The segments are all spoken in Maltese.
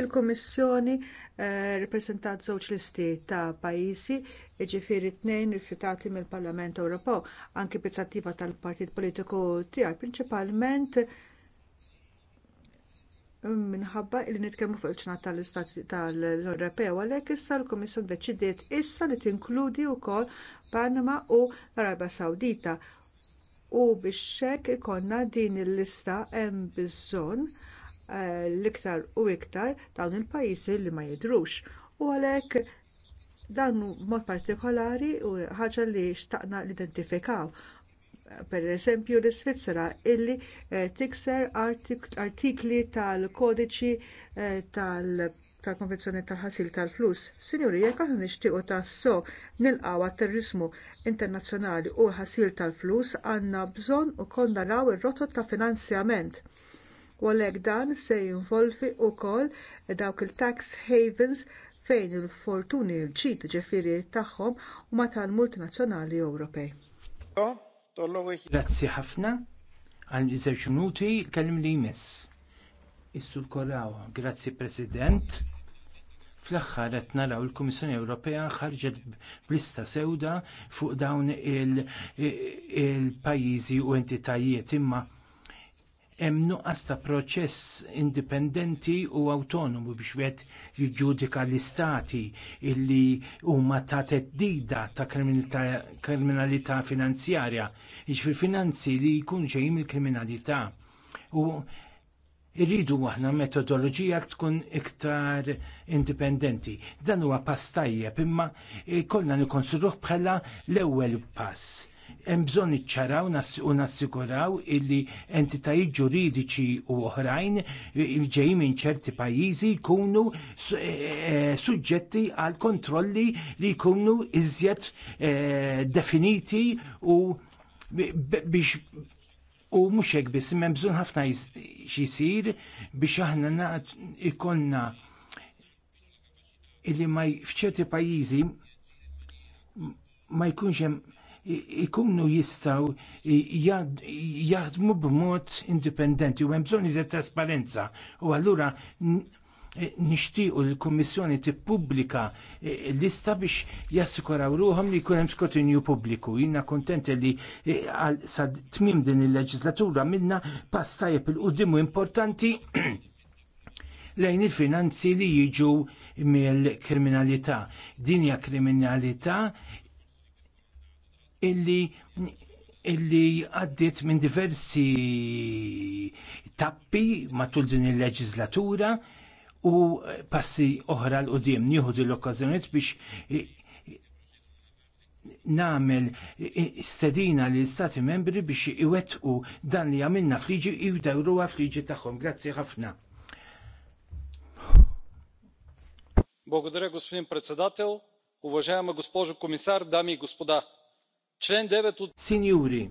Il-Kummissjoni eh, rrappreżentat żewġ listi ta' pajjiżi, jiġifieri tnejn rifjutati mill-Parlament Ewropew anki b'inizjattiva tal-Partit Politiku tiegħi prinċipalment mm, minħabba li nitkellmu fuq il-ċnat tal-Istati tal-Ewropew għalhekk issa l-Kummissjoni ddeċidiet issa li tinkludi wkoll Panama u l-Arabja Sawdita u biex hekk ikollna din il-lista hemm bżonn l-iktar u iktar dawn il-pajjiżi li ma jidhrux. U għalhekk dan mod partikolari u ħaġa li xtaqna l-identifikaw. Pereżempju l-Svizzera illi eh, tikser artikli tal-kodiċi eh, tal tal-konvenzjoni tal-ħasil tal-flus. Sinjuri, jekk aħna nixtiequ tas-so nilqgħu għat-terrorizmu internazzjonali u l-ħasil tal-flus għandna bżonn ukoll naraw ir-rotot ta' finanzjament u għalhekk dan se jinvolvi wkoll dawk il-tax havens fejn il-fortuni l-ġid ġifiri tagħhom huma tal-multinazzjonali Ewropej. Grazzi ħafna għal żewġ minuti kellim li jmiss. Issu l-Koraw, grazzi President. Fl-aħħar qed naraw il-Kummissjoni Ewropea ħarġet blista sewda fuq dawn il-pajjiżi u entitajiet imma hemm nuqqas ta' proċess indipendenti u awtonomu biex wieħed jiġġudika l-istati illi huma ta' teddida ta' kriminalità finanzjarja, jiġifier finanzi li jkun ġejjin mill-kriminalità. U irridu aħna metodoloġija tkun iktar indipendenti. Dan huwa pass tajjeb imma eh, kollha nikkonsidruh bħala l-ewwel pass hemm bżonn iċċaraw u nassiguraw illi entitajiet ġuridiċi u oħrajn ġejjin minn ċerti pajjiżi jkunu e- e- e- suġġetti għal kontrolli li jkunu iżjed definiti u biex u mhux hekk biss hemm bżonn ħafna xisir biex aħna ikonna illi ma fċerti pajjiżi ma jkunx hemm ikunu jistaw jaħdmu b'mod indipendenti u hemm bżonn trasparenza. U allura nixtiequ l-Kummissjoni tippubblika eh, lista biex jassikuraw ruhom li jkun hemm skrutinju pubbliku. Jiena kuntent li eh, sa tmiem din il-leġislatura minna pass tajjeb il-qudiem importanti lejn il-finanzi li jiġu mill-kriminalità. Din hija kriminalità illi illi għaddiet minn diversi tappi matul din il-leġislatura u passi oħra l-qudiem nieħu l okkażjonijiet biex namel stedina l istati membri biex iwettqu dan li għamilna friġi u dawruha friġi tagħhom. Grazzi ħafna. Благодаря, господин председател. Уважаема госпожо комисар, дами и господа! Signori,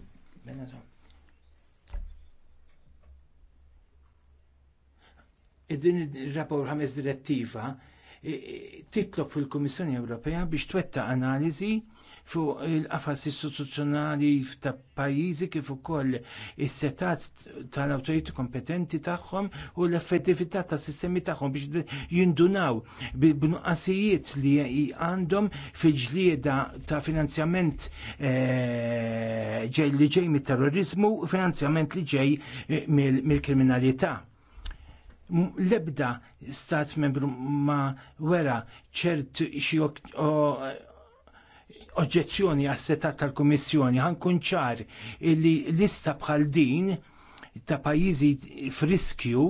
Id-din il-rapport ħames direttiva e, e, titlob fil-Kummissjoni Ewropea biex twetta analiżi fuq il-qafas istituzzjonali ta' pajjiżi kif ukoll is-setat tal-awtoriti kompetenti tagħhom u l-effettività tas sistemi tagħhom biex jindunaw b'nuqqasijiet li għandhom fil-ġlieda ta' finanzjament eh, ġej li ġej mit-terrorizmu u finanzjament li ġej eh, mill-kriminalità l-ebda stat membru ma wera ċert xi oġġezzjoni għas-setat tal-Kummissjoni ħankun ċar li lista bħal din ta' pajjiżi f'riskju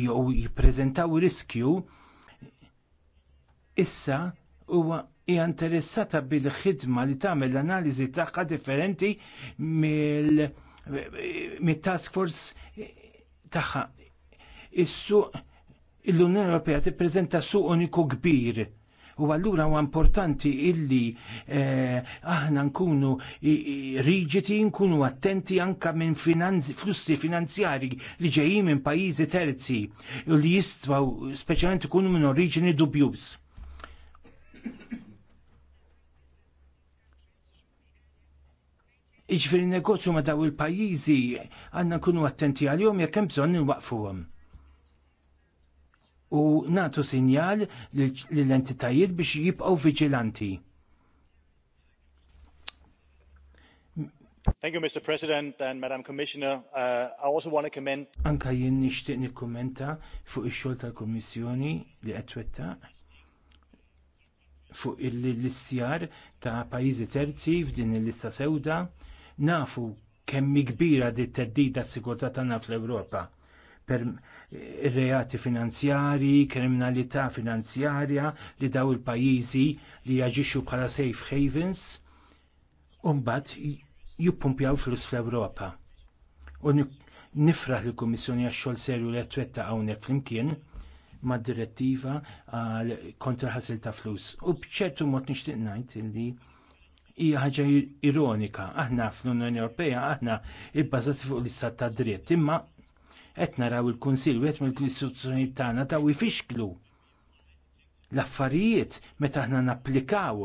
jew jippreżentaw riskju issa huwa hija interessata bil-ħidma li tagħmel l-analiżi tagħha differenti mill-task force tagħha. Is-suq l-Unjoni Ewropea tippreżenta suq uniku kbir U allura huwa importanti illi eh, aħna nkunu riġiti, nkunu attenti anka minn flussi finanzjari li ġejjin minn pajjiżi terzi u li jistgħu speċjalment ikunu minn oriġini dubjuż. Iġveri negozju ma daw il-pajizi għanna nkunu attenti għal-jom jek hemm bżonn nwaqfuhom u natu sinjal l-entitajiet biex jibqgħu viġilanti. Thank you, Mr. President and Madam Commissioner. Uh, I also want to commend. Anka jien nixtieq nikkumenta fuq ix-xogħol tal-Kummissjoni li qed twettaq fuq l-istjar ta' pajjiżi terzi f'din il-lista sewda nafu kemm kbira di t-teddida s-sigurtà tagħna fl-Ewropa reati finanzjarji, kriminalità finanzjarja li daw il-pajjiżi li jaġixxu bħala safe havens u mbagħad jippumpjaw flus fl-Ewropa. U nifraħ lill kummissjoni għax-xogħol serju li għettwetta hawnhekk flimkien mad direttiva għal kontra ħasil ta' flus. U bċertu mod nixtieq ngħid li hija ħaġa ironika. Aħna fl-Unjoni Ewropea aħna bbażati fuq l-istat ta' dritt, imma Qed naraw il-Kunsill wieħed mill-istituzzjonijiet tagħna taw ifixklu l-affarijiet meta aħna napplikaw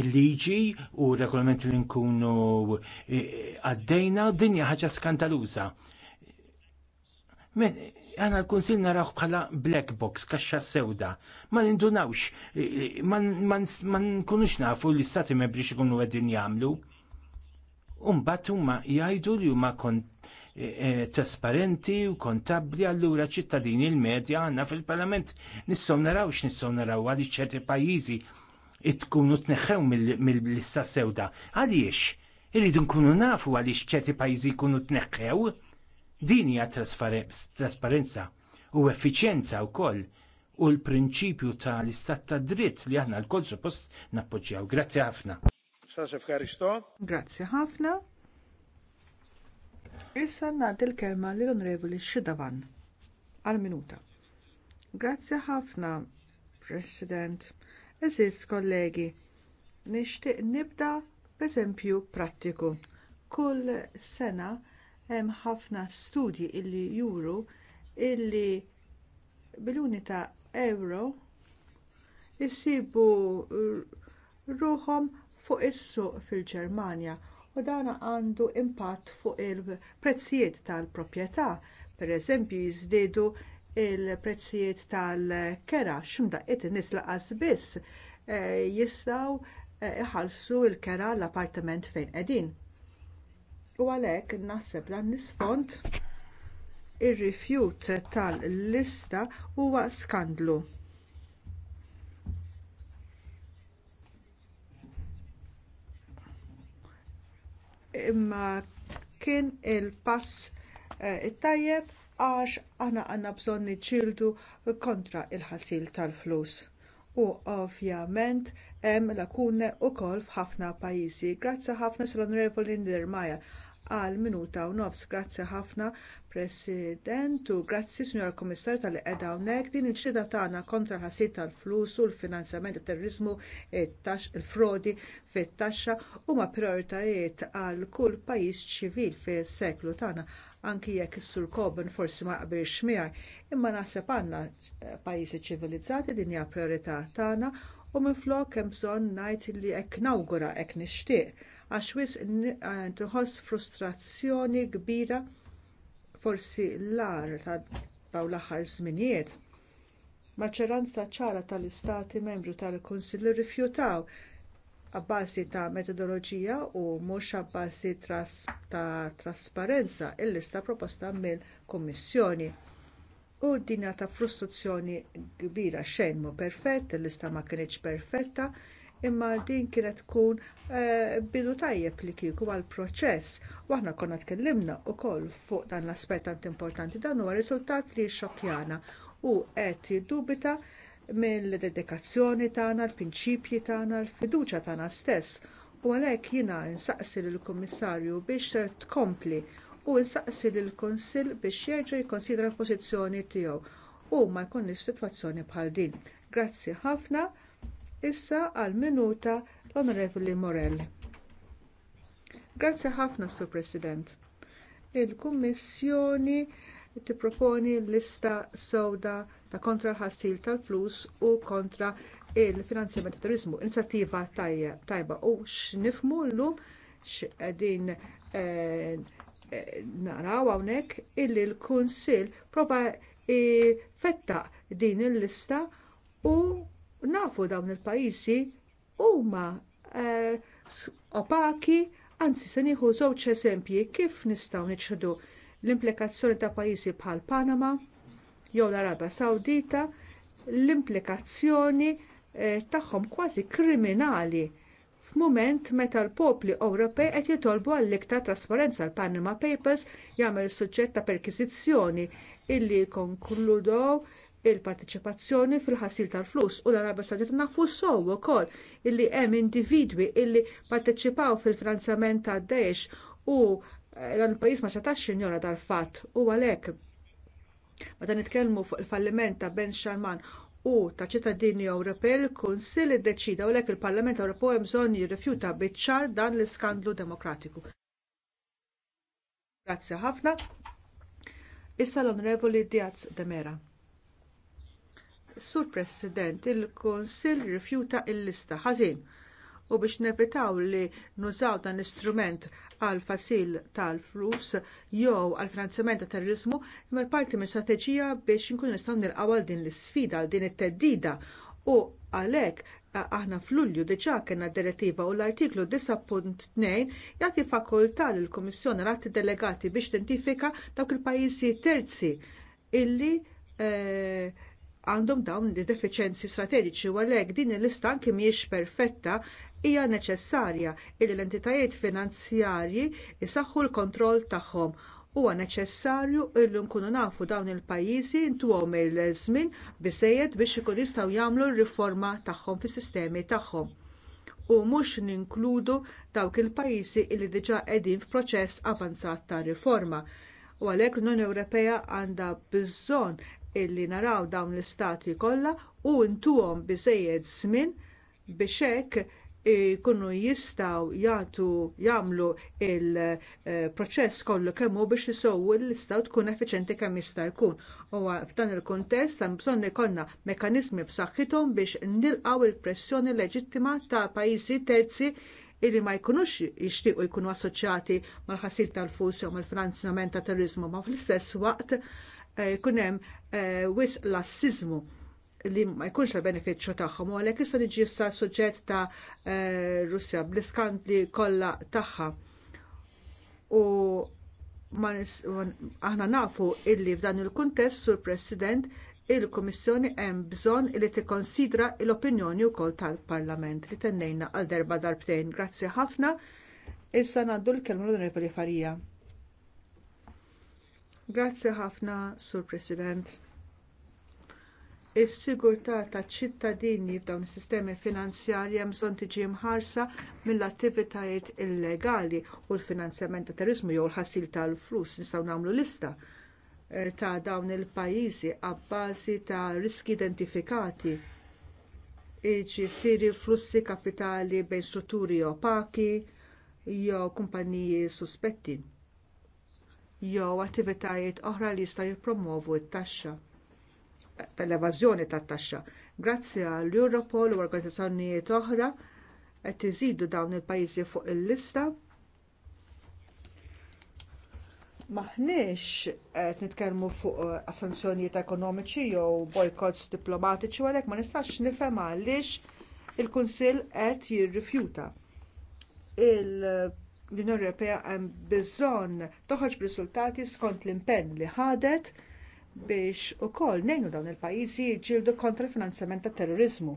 il-liġi u regolament li nkunu eh, għaddejna dinja ħaġa skandaluża. Għana l-Kunsil naraw bħala black box, kaxxa sewda. Ma nindunawx, eh, ma nkunux nafu li stati membri xikunu għedin jamlu. Umbat huma jgħidu li huma kont E, trasparenti u kontabbli allura ċittadini l-medja għandna fil-parlament nissom naraw x'nistgħu naraw għaliex ċerti pajjiżi tkunu tneħħew mill-lista sewda. Għaliex? Irridu nkunu nafu għaliex ċerti pajjiżi jkunu tneħħew. Din hija trasparenza u effiċjenza wkoll u l-prinċipju ta' l-istat ta' dritt li aħna l-kol suppost nappoġġjaw. Grazzi ħafna. Grazzi ħafna. Issa ngħaddi l-kelma lill onorevoli Xidavan għal minuta. Grazzi ħafna, President. Eżis, kollegi, nixtieq nibda b'eżempju prattiku. Kull sena hemm ħafna studji illi juru illi biljuni ta' euro jisibu ruħom fuq is-suq fil-Ġermanja u dan għandu impatt fuq il-prezzijiet tal-proprjetà. pereżempju jiżdiedu l prezzijiet tal-kera x'imdaqqiet in-nies laqas biss eh, jistgħu eh, iħallsu l-kera l-appartament fejn qegħdin. U għalhekk naħseb dan l-isfond ir-rifjut tal-lista huwa skandlu imma kien il-pass eh, it-tajjeb għax aħna għandna bżonn niċċieldu kontra l ħasil tal-flus. U ovvjament hemm lakune wkoll f'ħafna pajjiżi. Grazzi ħafna sal-Onorevoli Nirmaja għal minuta u nofs. Grazzi ħafna President u grazzi Sinjor Komissar tal qed hawnhekk din il-ċida tagħna kontra ħasid tal-flus u l-finanzjament tat-terrorizmu il-frodi fit-taxxa huma prioritajiet għal kull pajjiż ċivil fis-seklu tagħna anki jekk is-Sur forsi ma qbilx miegħi, imma naħseb għandna eh, pajjiżi ċivilizzati din hija priorità tagħna u minflok hemm bżonn ngħid li hekk nawgura hekk nixtieq għax wisq tħoss eh, frustrazzjoni kbira forsi l-ar ta' l-aħħar żminijiet. Maċċeranza ċara tal-istati membru tal-Kunsill rifjutaw abbażi ta' metodoloġija u mhux abbażi ta' trasparenza il-lista proposta mill-Kummissjoni. U dinja ta' frustrazzjoni kbira xejn mhu perfett, il-lista ma kinitx perfetta, imma din kienet tkun eh, bidu tajjeb li kieku għall proċess u aħna konna tkellimna wkoll fuq dan l-aspett tant importanti dan huwa riżultat li xokjana u qed jiddubita mill-dedikazzjoni tagħna, l-prinċipji tagħna, l-fiduċja tagħna stess. U għalhekk jiena nsaqsi lill-Kummissarju biex tkompli u nsaqsi lill-Kunsill biex jerġa' jikkonsidra l-pożizzjoni tiegħu u ma jkunniex sitwazzjoni bħal din. Grazzi ħafna. Issa għal minuta l-Onorevoli Morell. Grazzi ħafna, Sur President. Il-Kummissjoni tipproponi lista sewda ta' kontra l-ħassil tal-flus u kontra il-finanzjament ta' turizmu. Inizjattiva tajba u x'nifhmu llum x'qegħdin eh, eh, naraw hawnhekk illi l-Kunsill proba' fettaq din il-lista u Nafu dawn il-pajjiżi huma eh, opaki, anzi se nieħu żewġ eżempji kif nistgħu niċħdu l-implikazzjoni ta' pajjiżi bħal Panama jew l-Arabja Sawdita, l-implikazzjoni eh, tagħhom kważi kriminali f'mument meta l-popli Ewropej qed jitolbu għall iktar trasparenza l Panama Papers jagħmel suġġett ta' perkiżizzjoni illi konkludow il-partiċipazzjoni fil-ħasil tal-flus u l-Arabja saudita nafu sew ukoll illi hemm individwi illi parteċipaw fil-finanzjament ta' Daesh u eh, dan il-pajjiż ma setax jinjora dal-fatt u għalhekk Meta nitkellmu fuq il-falliment ta' Ben Sharman u ta' ċittadini Ewropej, il-Kunsill iddeċida u lek il-Parlament Ewropew hemm bżonn jirrifjuta biċ-ċar dan l-iskandlu demokratiku. Grazzi ħafna. Issa l-Onorevoli Diaz de Mera. Sur President, il-Konsil rifjuta l lista ħażin u biex nevitaw li nużaw dan l-istrument għal fasil tal-flus jew għal finanzjament ta' terrorizmu imma parti minn strateġija biex inkunu nistgħu nilqgħu għal din l-isfida għal din it-teddida u għalhekk aħna f'Lulju diġà kellna d direttiva u l-artiklu 9.2 jagħti fakultà lill kummissjoni għat delegati biex tentifika dawk il-pajjiżi terzi illi eh, għandhom dawn id defiċenzi strateġiċi u għalhekk din il-lista anke mhijiex perfetta hija neċessarja li l-entitajiet finanzjarji isaħħu l-kontroll tagħhom huwa neċessarju illi nkunu nafu dawn il-pajjiżi intuhom il-żmien biżżejjed biex ikun jistgħu jagħmlu r-riforma tagħhom fis-sistemi tagħhom. U mhux ninkludu dawk il-pajjiżi li diġà qegħdin f'proċess avanzat ta' riforma. U għalhekk l-Unjoni Ewropea għandha bżonn illi naraw dawn l-istati kollha u ntuhom biżejjed żmien biex hekk ikunu jistgħu jagħtu jagħmlu l proċess kollu kemm hu biex isowu l-istaw tkun effiċjenti kemm jista' jkun. U f'dan il-kuntest hemm bżonn ikollna mekkaniżmi b'saħħithom biex nilqgħu l pressjoni leġittima ta' pajjiżi terzi illi ma jkunux jixtiequ jkunu assoċjati mal-ħasil tal-flus jew mal-finanzjament ta' terriżmu ma fl-istess waqt eh, jkun hemm Eh, wisq lassizmu li ma jkunx l-benefiċċju tagħhom u għalhekk issa niġi issa suġġett ta' eh, Russja bl iskandli kollha tagħha. U aħna nafu illi f'dan il-kuntest sur President il-Kummissjoni hemm bżonn li tikkonsidra l-opinjoni wkoll tal-Parlament li tennejna għal darba darbtejn. Grazzi ħafna. Issa ngħaddu l-kelma l-Onorevoli Farija. Grazzi ħafna, Sur President. Is-sigurtà taċ-ċittadini f'dawn is-sistemi finanzjarji hemm bżonn tiġi mħarsa mill-attivitajiet illegali u l-finanzjament ta' terrorizmu jew l-ħasil tal-flus nistgħu nagħmlu lista eh, ta' dawn il-pajjiżi abbażi ta' riski identifikati jiġifieri flussi kapitali bejn strutturi opaki jew kumpaniji suspetti jew attivitajiet oħra li jistgħu jippromovu t-taxxa tal-evażjoni tat-taxxa. Grazzi għall Europol u organizzazzjonijiet oħra qed iżidu dawn il-pajjiżi fuq il-lista. Maħniex qed nitkellmu fuq eh, sanzjonijiet ekonomiċi jew bojkots diplomatiċi għalhekk ma nistax nifhem għaliex il-Kunsill qed jirrifjuta il l-Unjoni Ewropea hemm bżonn toħroġ b'riżultati skont l-impenn li ħadet biex ukoll ngħinu dawn il-pajjiżi jiġġieldu kontra l-finanzjament tat-terrorizmu.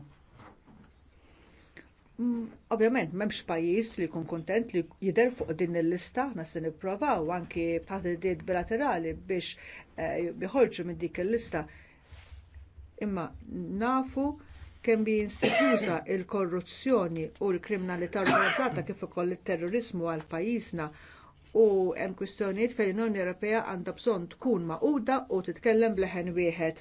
Mm, ovvjament m'hemmx pajjiż li jkun kuntent li jidher fuq din il-lista aħna se nippruvaw anki b'taħdiet bilaterali biex eh, joħorġu minn dik il-lista. Imma nafu kemm bi insibuża l-korruzzjoni u l-kriminalità organizzata kif ukoll it-terroriżmu għal pajjiżna u hemm kwistjonijiet fejn l-Unjoni Ewropea għandha bżonn tkun maquda u titkellem bleħen wieħed.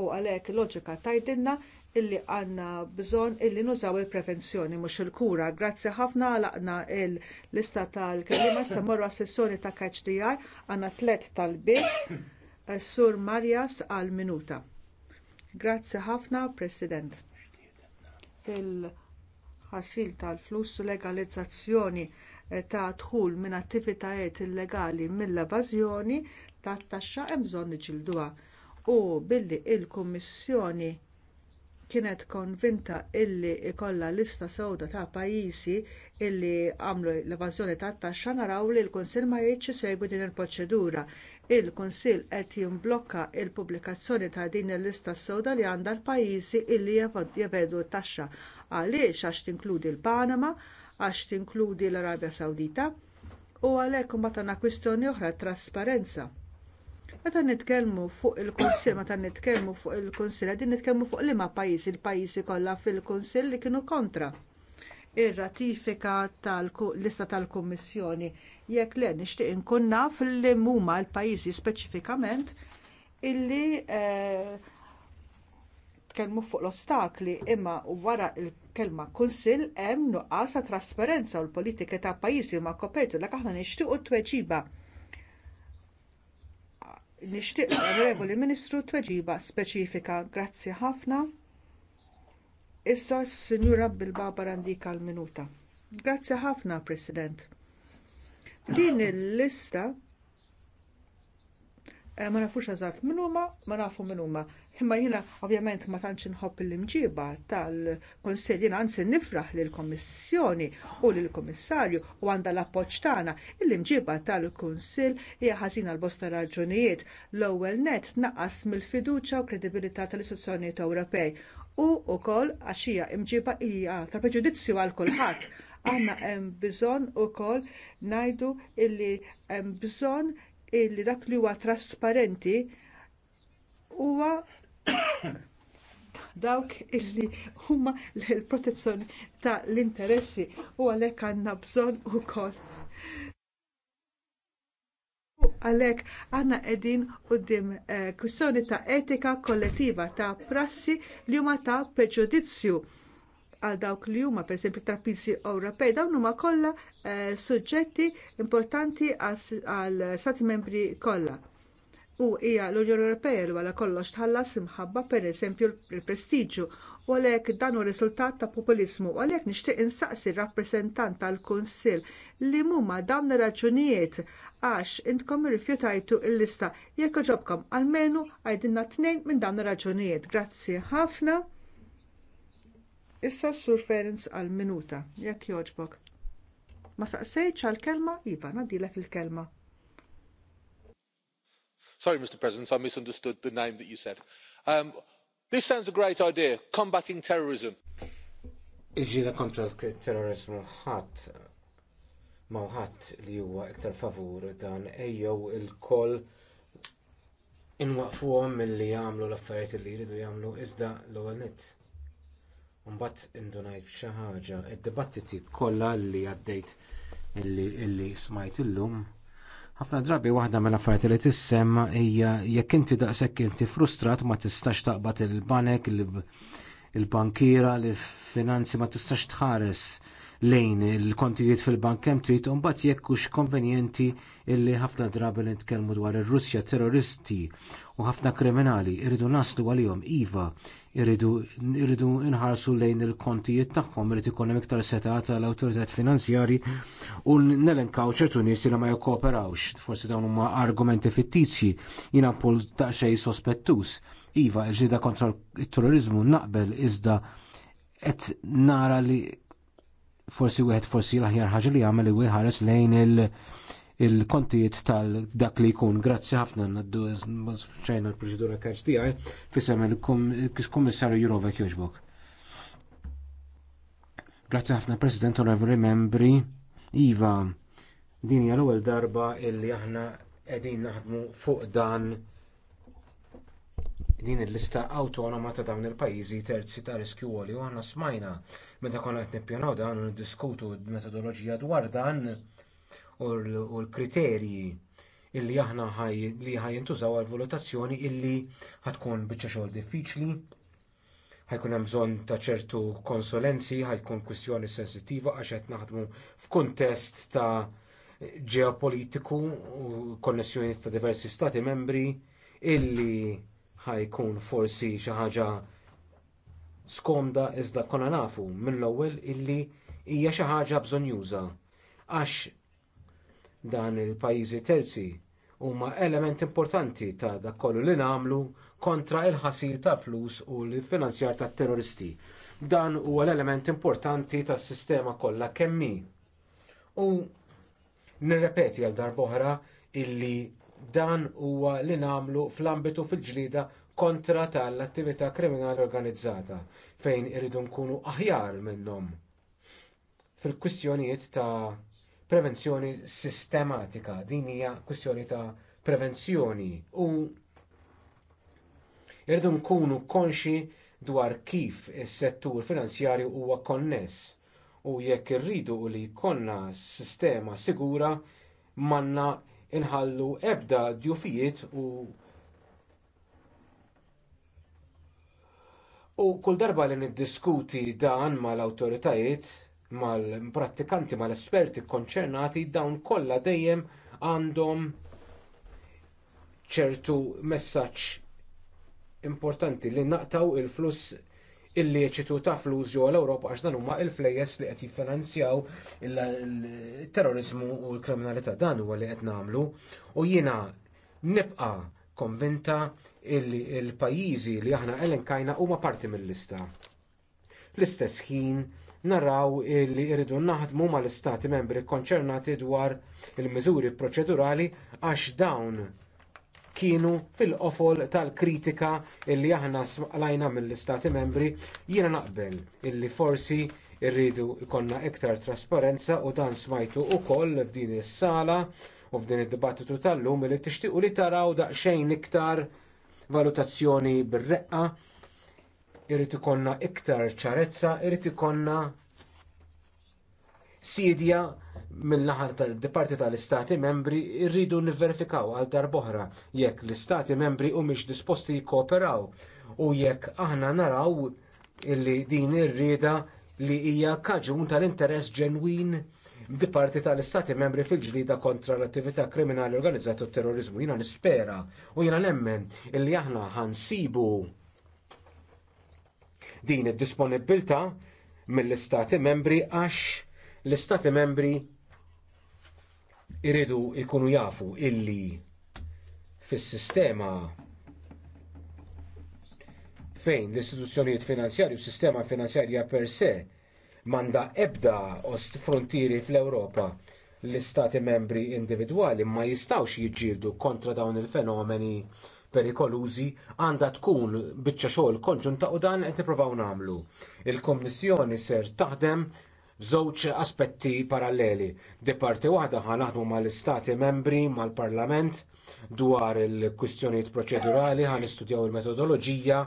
U għalhekk il-loġika tajdinna illi għandna bżonn illi nużaw il-prevenzjoni mhux il-kura. Grazzi ħafna għalaqna l-lista tal-kelima se morru għas-sessjoni ta' KHDI għandna tliet tal-bit Sur Marjas għal minuta. Grazzi ħafna, President. Il-ħasil tal-fluss legalizzazzjoni eh, ta' dħul minn attivitajiet illegali mill-evażjoni tat-taxxa hemm bżonn niġilduha u billi l kummissjoni kienet konvinta illi jkollha lista sewda ta' pajjiżi illi għamlu l-evażjoni tat-taxxa naraw li l-Kunsill ma jgħidx segwi din il-proċedura il-Kunsill qed jimblokka l pubblikazzjoni ta' din il-lista sewda li għandha l-pajjiżi illi jevedu t-taxxa għaliex għax tinkludi l-Panama, għax tinkludi l-Arabja Sawdita u għalhekk imbagħad għandna kwistjoni oħra t trasparenza. Meta nitkellmu fuq il-Kunsill, meta nitkellmu fuq il-Kunsill, qegħdin nitkellmu fuq liema pajjiżi, il-pajjiżi kollha fil-Kunsill li kienu kontra ir-ratifika tal-lista tal-Kummissjoni. tal lista tal kummissjoni jekk le nixtieq inkun naf li huma l-pajjiżi speċifikament illi eh, tkellmu fuq l-ostakli imma wara l kelma kunsill hemm nuqqas ta' trasparenza u l-politika ta' pajjiżi ma' kopertu li aħna nixtiequ tweġiba. Nixtieq l-Onorevoli Ministru tweġiba speċifika. Grazzi ħafna. Issa s-Sinjura Bilba Barandika l-minuta. Grazzi ħafna, President. Din il-lista eh, ma nafux eżatt min huma, ma nafu min huma. Imma jiena ovvjament ma tantx nħobb l-imġiba tal-Kunsill jiena għanzi nifraħ lill komissjoni u lill kummissarju u għandha l-appoġġ tagħna. L-imġiba tal-Kunsill hija ħażina l-bosta raġunijiet l-ewwel net naqas mill-fiduċja u kredibilità tal-istituzzjonijiet Ewropej u wkoll għaxija hija imġiba hija ta' preġudizzju għal kulħadd Għandna hemm bżonn ukoll ngħidu li hemm bżonn illi dak li huwa trasparenti huwa dawk illi huma l-protezzjoni ta' l-interessi u għalhekk għandna bżonn ukoll għalhekk għandna qegħdin quddiem eh, kwistjoni ta' etika kollettiva ta' prassi li huma ta' preġudizzju għal dawk li huma pereżempju trapizi Ewropej dawn huma kollha eh, suġġetti importanti għal stati membri kollha. U hija l-Unjoni Ewropea li wara kollox tħallas imħabba pereżempju l-prestiġu u għalhekk dan hu riżultat ta' populizmu. u għalhekk nixtieq insaqsi r-rappreżentant tal-Kunsill li huma dawn ir-raġunijiet għax intkom irrifjutajtu l lista jekk ġobkom għalmenu għajdinna tnejn minn dawn ir-raġunijiet. Grazzi ħafna. Issa s-sur Ferenz għal minuta, jekk jogħġbok. Ma saqsejtx għall kelma, Iva, nadilek il-kelma. Sorry, Mr. President, I misunderstood the name that you said. Um, this sounds a great idea, combating terrorism. Il-ġida kontra terrorizmu ħadd ma ħadd li huwa iktar favur dan ejjew il-koll inwaqfuhom milli jagħmlu l-affarijiet li jridu jagħmlu iżda l-ewwel nett Mbagħad indunajt b'xi ħaġa, id-dibattiti kollha li għaddejt illi smajt illum ħafna drabi waħda mill-affarijiet li tissem hija jekk inti daqshekk inti frustrat ma tistax taqbad il-banek il-bankiera li finanzi ma tistax tħares lejn il-kontijiet fil-bank kemm trid u mbagħad jekk hux konvenjenti illi ħafna drabi li nitkellmu dwar ir-Russja terroristi u ħafna kriminali irridu naslu għalihom iva irridu inħarsu lejn il-kontijiet tagħhom irid ikun hemm iktar seta tal-awtoritet finanzjarji u nelenkaw ċertu nies li ma jkooperawx. Forsi dawn huma argumenti fittizji jiena pol daqsxejn sospettus. Iva, ġida kontra t-terrorizmu naqbel iżda qed nara li forsi wieħed forsi l-aħjar ħaġa li jagħmel li ħares lejn il- il-kontijiet tal-dak li jkun. Grazzi ħafna għaddu ċajna l-proċedura kaċ tijaj, fissem il-Kommissarju Jurova Kjoġbok. Grazzi ħafna President Onorevoli Membri, Iva, din hija l-ewwel darba illi aħna qegħdin naħdmu fuq dan din il-lista autonoma ta' dawn il-pajjiżi terzi ta' riskju għoli u aħna smajna meta konna qed nippjanaw dan u niddiskutu d-metodoloġija dwar dan u l-kriterji illi aħna li ħajintużaw għal valutazzjoni illi ħatkun biċċa xogħol diffiċli, ħajkun hemm bżonn ta' ċertu konsulenzi, ħajkun kwistjoni sensittiva għax qed naħdmu f'kuntest ta' ġeopolitiku u konnessjoni ta' diversi stati membri illi ħajkun forsi xi ħaġa skomda iżda konna nafu mill-ewwel illi hija xi ħaġa bżonjuża għax dan il-pajjiżi terzi huma element importanti ta' dak kollu li nagħmlu kontra l ħasir ta' flus u l-finanzjar tat terroristi. Dan huwa l-element importanti tas sistema kollha kemm hi. U nirrepeti għal darb'oħra illi dan huwa li nagħmlu fl-ambitu fil-ġlida kontra tal-attività kriminali organizzata fejn iridu nkunu aħjar minnhom fil-kwistjonijiet ta' prevenzjoni sistematika din hija kwistjoni ta' prevenzjoni u irridu nkunu konxi dwar kif is-settur finanzjarju huwa konness u jekk irridu li jkollna sistema sigura m'għandna inħallu ebda djufijiet u U kull darba li niddiskuti dan mal awtoritajiet mal-prattikanti, mal-esperti konċernati, dawn kollha dejjem għandhom ċertu messaġġ importanti li naqtaw il-fluss illiċitu ta' flus ġewwa l-Ewropa għax dan huma l-flejjes li qed jiffinanzjaw il-terrorizmu u l-kriminalità dan huwa li qed nagħmlu u jiena nibqa konvinta li l pajjiżi li aħna elenkajna huma parti mill-lista. L-istess ħin naraw li rridu naħdmu mal-istati membri konċernati dwar il-miżuri proċedurali għax dawn kienu fil-qofol tal-kritika illi aħna smaqlajna mill-istati membri jiena naqbel illi forsi rridu jkollna iktar trasparenza u dan smajtu wkoll f'din is-sala u f'din id-dibattitu tal-lum li tixtiequ li taraw daqsxejn iktar valutazzjoni bir-reqqa Irrid ikollna iktar ċarezza, irrid ikollna sidja mill-naħar tal parti tal-Istati membri jridu nivverifikaw għal darboħra jekk l-Istati membri humiex disposti jikkooperaw u jekk aħna naraw illi din ir-rieda li hija kaġun tal-interess ġenwin parti tal-Istati membri fil-ġlida kontra l-attività kriminali organizzata u terrorizmu jiena nispera u jiena nemmen illi aħna ħansibu din id-disponibilità mill-istati membri għax l-istati membri iridu jkunu jafu illi fis-sistema fejn l-istituzzjonijiet finanzjarji u s-sistema finanzjarja per se m'għandha ebda ost frontieri fl-Ewropa l-istati membri individwali ma jistgħux jiġġieldu kontra dawn il-fenomeni perikolużi għandha tkun biċċa xogħol konġunta u dan qed nippruvaw nagħmlu. Il-Kummissjoni ser taħdem żewġ aspetti paralleli. Di parti waħda ħa naħdmu mal-istati membri, mal-parlament, dwar il-kwistjonijiet proċedurali, ħan nistudjaw il-metodoloġija,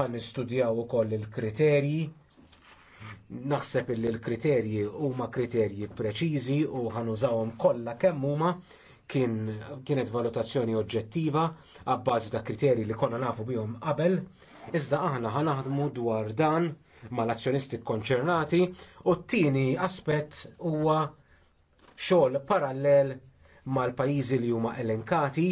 ħan nistudjaw ukoll il-kriterji. Naħseb li il l-kriterji huma kriterji preċiżi u ħanużawhom kollha kemm huma kienet valutazzjoni oġġettiva għabbażi ta' kriterji li konna nafu bihom qabel, iżda aħna ħanaħdmu dwar dan mal-azzjonisti konċernati u t-tieni aspett huwa xogħol parallel mal-pajjiżi li huma elenkati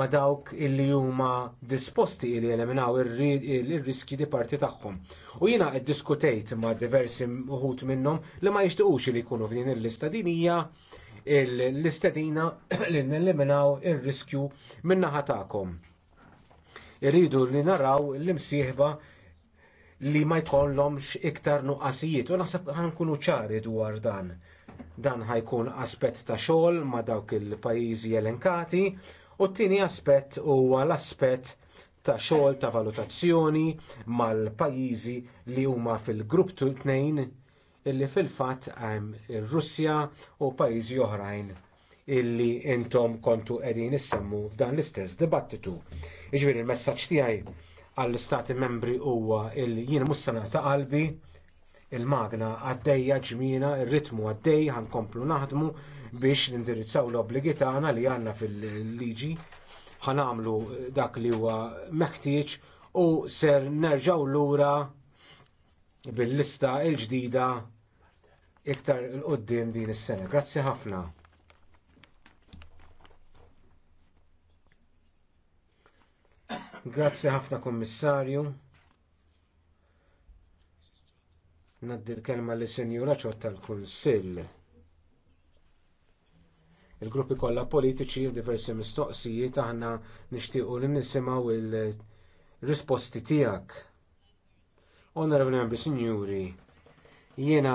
ma dawk illi huma disposti li jeleminaw ir-riski di parti tagħhom. U jiena diskutejt ma' diversi uħut minnhom li ma jixtiequx li jkunu f'din il-lista din hija l-istedina li neliminaw ir-riskju min-naħa tagħkom. Irridu li naraw l-imsieħba li ma jkollhomx iktar nuqqasijiet u naħseb ħankunu ċari dwar dan. Dan ħajkun aspett ta' xogħol ma' dawk il-pajjiżi elenkati u t-tieni aspett huwa l-aspett ta' xogħol ta' valutazzjoni mal-pajjiżi li huma fil-grupp tnejn illi fil-fatt hemm ir Russja u pajjiżi oħrajn illi intom kontu qegħdin issemmu f'dan l-istess dibattitu. Jiġifieri il-messaġġ tiegħi għall-istati membri huwa illi mhux mussana ta' qalbi il-magna għaddejja ġmina, ir-ritmu għaddej, ħankomplu naħdmu biex nindirizzaw l-obbligi tagħna li għandna fil-liġi ħanamlu dak li huwa meħtieġ u ser nerġaw lura bil-lista il-ġdida iktar il-qoddim din is-sena. Grazzi ħafna. Grazzi ħafna kummissarju. Naddi l-kelma li senjura ċot tal kunsill Il-gruppi kollha politiċi u diversi mistoqsijiet aħna nixtiequ li nisimgħu il-risposti tiegħek. Onorevoli Membri, Sinjuri, jiena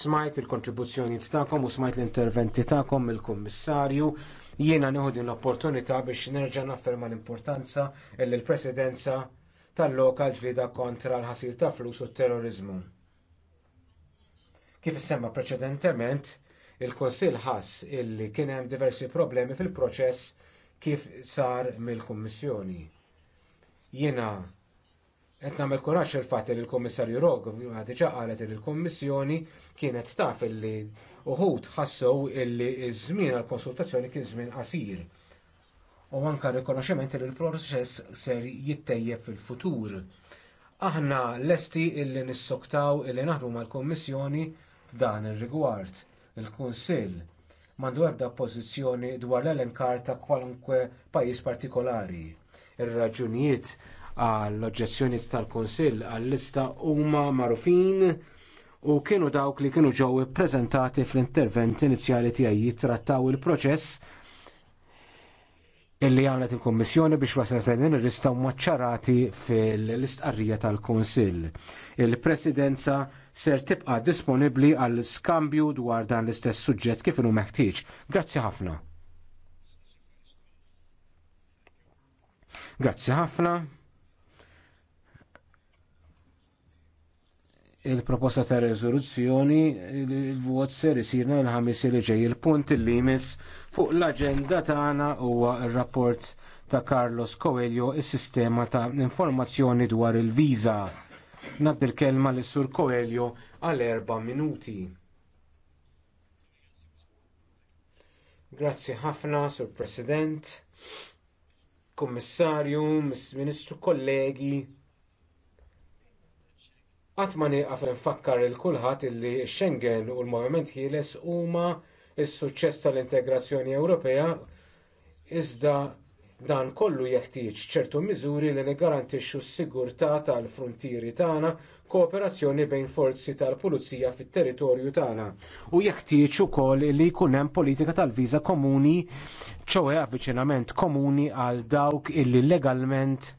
smajt il-kontribuzzjoni tagħkom u smajt l-interventi tagħkom il-Kummissarju jiena nieħu din l-opportunità biex nerġa' nafferma l-importanza l-Presidenza tal-lokal ġlieda kontra l-ħasil ta' flus u t-terrorizmu. Kif semma preċedentement, il-Kunsill ħass illi kien hemm diversi problemi fil-proċess kif sar mill-Kummissjoni. Jiena Qed nagħmel kuraġġ il-fatt li l-Kummissarju Rog diġà qalet li l-Kummissjoni kienet taf illi uħud ħassew li ż-żmien għall konsultazzjoni kien żmien qasir. U anke rikonoxximent li l-proċess ser jittejjeb fil-futur. Aħna lesti illi nissoktaw illi naħdmu mal-Kummissjoni f'dan ir-rigward. Il-Kunsill m'għandu ebda pożizzjoni dwar l-elenkar ta' kwalunkwe pajjiż partikolari. Ir-raġunijiet għall oġġezzjonijiet tal-Kunsill għall-lista huma magħrufin u kienu dawk li kienu ġew ippreżentati fl-intervent inizjali tiegħi jittrattaw il-proċess illi għamlet il-Kommissjoni biex waslet din ir huma maċċarati fil listqarrija tal-Kunsill. Il-Presidenza ser tibqa' disponibbli għal skambju dwar dan l-istess suġġett kif inhu meħtieġ. Grazzi ħafna. Grazzi ħafna. il-proposta ta' rezoluzzjoni il-vot ser isirna il-ħamis li ġej il-punt li jmiss fuq l-agenda tagħna huwa r-rapport ta' Carlos Coelho is-sistema ta' informazzjoni dwar il-viża. Naddi l-kelma lis sur Coelho għal erba' minuti. Grazzi ħafna, Sur President, Kummissarju, Ministru, kollegi Qatt ma nieqaf nfakkar lil kulħadd illi x-Schengen u l-moviment ħieles huma s-suċċess tal-integrazzjoni Ewropea iżda dan kollu jeħtieġ ċertu miżuri li niggarantixxu s-sigurtà tal-fruntieri tagħna, kooperazzjoni bejn forzi tal-pulizija fit-territorju tagħna. U jeħtieġ ukoll li jkun hemm politika tal-viża komuni, ċewwe avviċinament komuni għal dawk illi legalment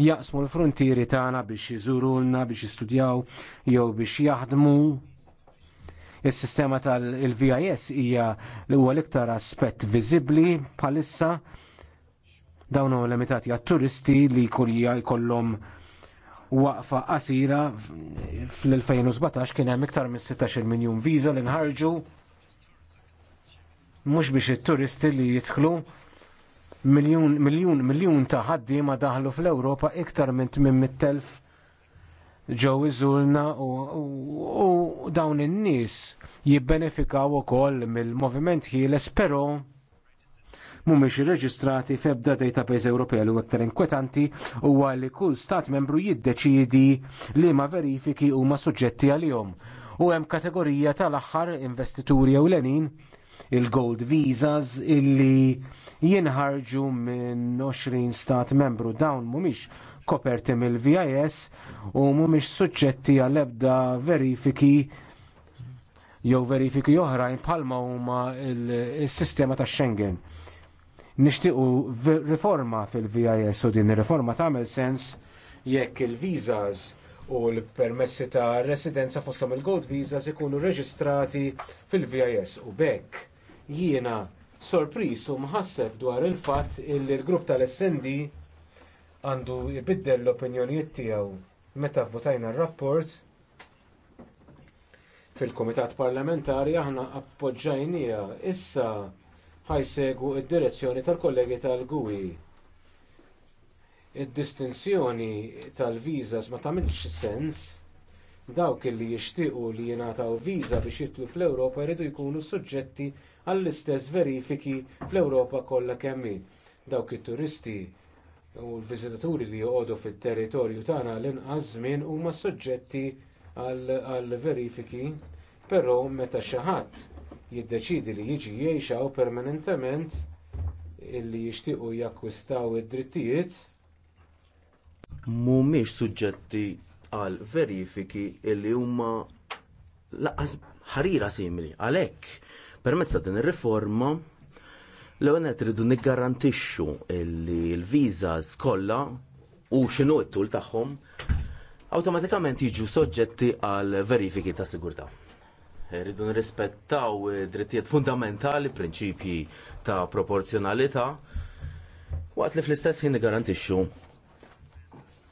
jaqsmu l-frontieri tagħna biex jiżurulna, biex jistudjaw jew biex jaħdmu. Is-sistema tal-VIS hija li huwa l-iktar aspett viżibbli bħalissa dawn huma limitati għat-turisti li jkollhom waqfa qasira fl-2017 kien hemm iktar minn 16 miljun viża li nħarġu mhux biex it-turisti li jidħlu miljun miljun miljon ta' ħaddiema daħlu fl-Ewropa iktar minn 800,000 ġew iżulna u, dawn in-nies jibbenefikaw ukoll mill-moviment ħieles però mhumiex irreġistrati f'ebda database Ewropea li iktar inkwetanti huwa li kull stat membru jiddeċiedi li ma verifiki huma suġġetti għalihom. U hemm kategorija tal-aħħar investituri ewlenin il-gold visas illi jinħarġu minn 20 stat membru dawn mhumiex koperti mill-VIS u mhumiex suġġetti għal ebda verifiki jew verifiki oħrajn bħalma huma s-sistema tax Schengen. Nixtiequ riforma fil-VIS u din ir-riforma tagħmel sens jekk il-visas u l-permessi ta' residenza fostom il-gold visas ikunu reġistrati fil-VIS u bekk jiena sorpris u mħasseb dwar il-fatt li l-grupp tal-SND għandu jbiddel l-opinjonijiet tiegħu meta vvotajna r-rapport fil-Kumitat Parlamentari aħna appoġġajnija issa ħajsegu d direzzjoni tal-kollegi tal-GUI. Id-distinzjoni tal-viżas ma tagħmilx sens dawk li jixtiequ li jingħataw viża biex jitlu fl-Ewropa jridu jkunu suġġetti għall-istess verifiki fl-Ewropa kollha kemm hi. Dawk it-turisti u l-viżitaturi li joqogħdu fit-territorju tagħna l-inqas żmien huma soġġetti għal verifiki, però meta xi ħadd jiddeċiedi li jiġi jgħixaw permanentament illi jixtiequ jakkwistaw id-drittijiet mhumiex suġġetti għal verifiki illi huma laqas ħarira simili għalhekk Permezz ta' din ir-riforma l-għonet rridu niggarantixxu li l-vizas kollha u x'inhu t-tul tagħhom awtomatikament jiġu soġġetti għal verifiki ta' sigurtà. Rridu nirrispettaw drittijiet fundamentali, prinċipji ta' proporzjonalità, waqt li fl-istess ħin garantixxu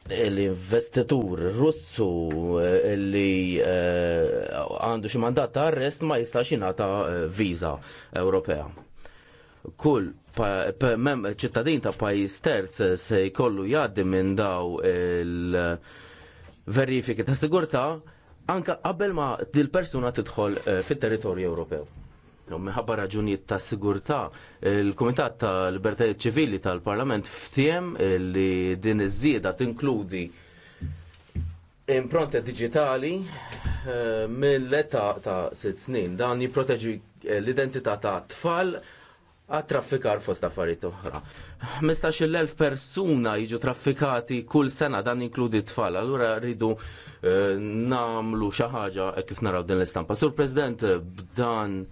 l-investitur russu eh, li eh, għandu xi mandat ta' arrest ma jistax jingħata eh, viża Ewropea. Kull ċittadin ta' pajjiż terz se jkollu jgħaddi minn daw il-verifiki ta' sigurtà anke qabel ma dil persuna tidħol fit-territorju Ewropew. Minħabba raġunijiet ta' sigurtà, il-Kumitat ta' Libertajiet Ċivili tal-Parlament ftiem li din iż-żieda tinkludi impronta digitali eh, mill-età ta' sitt snin. Dan jipproteġi eh, l-identità ta' tfal għat traffikar fost affarijiet oħra. 15.000 persuna jiġu traffikati kull sena dan inkludi tfal, allura rridu nagħmlu eh, namlu xi ħaġa e kif naraw din l-istampa. Sur President, b'dan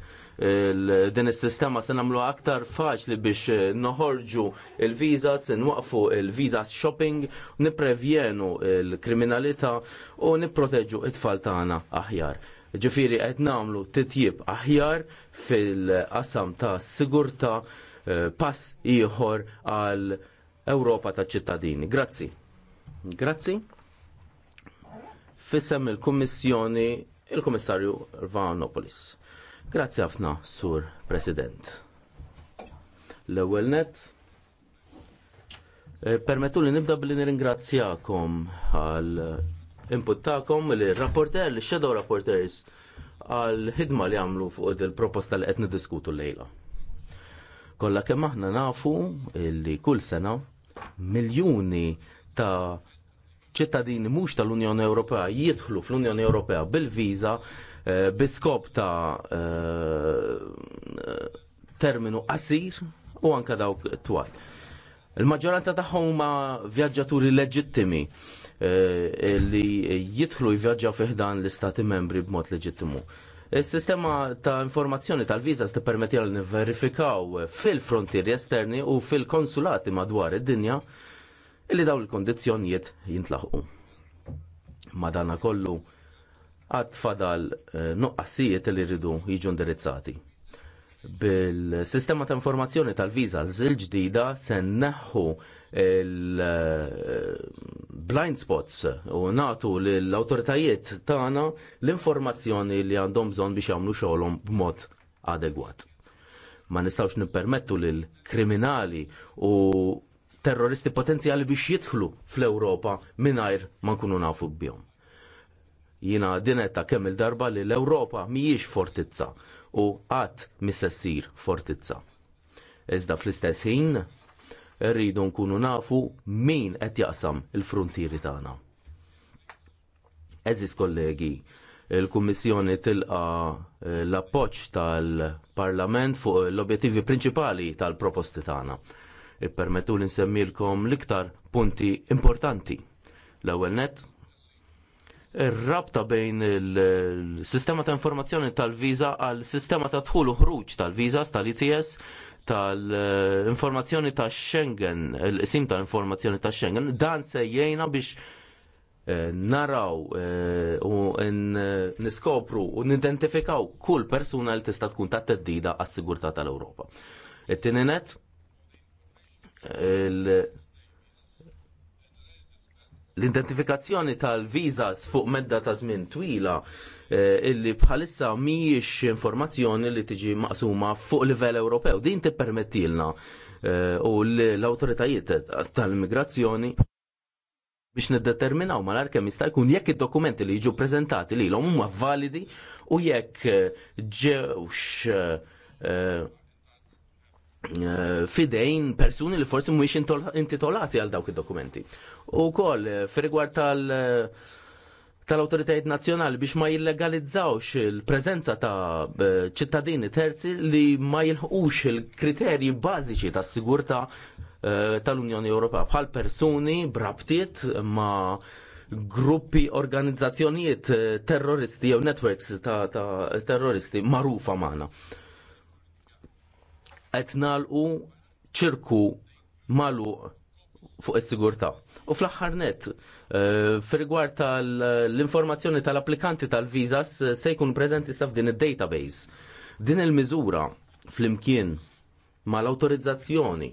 din is-sistema se nagħmluha aktar faċli biex eh, noħorġu il se nwaqfu il-vizas shopping, niprevjenu il-kriminalità u nipproteġu it-tfal tagħna aħjar. Ġifieri qed nagħmlu titjib aħjar fil-qasam ta' sigurtà eh, pass ieħor għal Ewropa ta' ċittadini. Grazzi. Grazzi. Fissem il-Kummissjoni il-Kummissarju Vanopolis. Grazzi ħafna, Sur President. L-ewwel net eh, Permettu li nibda billi nirringrazzjakom għal input tagħkom li rapporter li shadow rapporters għal ħidma li għamlu fuq il-proposta li qed niddiskutu lejla. Kolla kemm aħna nafu li kull sena miljuni ta' ċittadini mhux tal-Unjoni Ewropea jidħlu fl-Unjoni Ewropea bil-viża eh, biskop ta' eh, terminu qasir u anke dawk twal. Il-maġġoranza tagħhom huma vjaġġaturi leġittimi eh, li jidħlu jvjaġġaw fih dan l-istati membri b'mod leġittimu. Il-sistema ta' informazzjoni tal viża ti permetti għal verifikaw fil-frontieri esterni u fil-konsulati madwar id-dinja illi dawn il kondizjonijiet jintlaħu. Madana kollu għad fadal eh, nuqqassijiet li rridu jiġu indirizzati. Bil-sistema ta' informazzjoni tal-viza il-ġdida se neħu il-blind eh, spots u natu l-autoritajiet tagħna l-informazzjoni li għandhom bżonn biex jagħmlu xogħolhom b'mod adegwat. Ma nistgħux nippermettu lil kriminali u terroristi potenzjali biex jidħlu fl-Ewropa mingħajr ma nkunu nafu bjom. Jina dinetta kemm il-darba li l-Ewropa mhijiex fortizza u qatt misessir fortizza. Iżda fl-istess ħin rridu nkunu nafu min qed jaqsam il-frontieri tagħna. Eżis kollegi, il-Kummissjoni tilqa eh, l-appoġġ tal-Parlament fuq l-objettivi prinċipali tal-proposti tagħna. Ippermettu li nsemmilkom l-iktar punti importanti. L-ewwel net, ir-rabta bejn il-sistema ta' informazzjoni tal-viża għal sistema ta' dħul u ħruġ tal viza tal-ITS tal-informazzjoni ta' Schengen, il-sim tal-informazzjoni ta' Schengen, dan se jgħina biex eh, naraw eh, u niskopru u nidentifikaw kull persuna li tista' tkun ta' teddida għas-sigurtà tal-Ewropa. It-tieni net, l-identifikazzjoni tal-vizas fuq medda ta' żmien twila eh, illi bħalissa mhijiex informazzjoni li tiġi maqsuma fuq livell Ewropew. Din tippermettilna eh, u l-awtoritajiet tal-immigrazzjoni biex niddeterminaw mal kemm jista' jkun jekk id-dokumenti li jiġu preżentati lilhom huma validi u jekk eh, ġewx Eh, fidejn persuni li forsi mhuwiex intitolati għal dawk id-dokumenti. U kol, eh, fir tal- eh, tal-autoritajiet nazjonali biex ma jillegalizzawx il-prezenza ta' ċittadini terzi li ma jilħqux il-kriterji bażiċi ta' sigurta tal-Unjoni Ewropea bħal persuni brabtiet ma' gruppi organizzazzjonijiet terroristi jew networks ta', ta terroristi marufa magħna qed nagħlqu ċirku malu fuq is-sigurtà. U fl-aħħar net, eh, fil rigward tal-informazzjoni tal-applikanti tal-vizas eh, se jkun preżenti staf f'din id-database. Din il-miżura flimkien mal-awtorizzazzjoni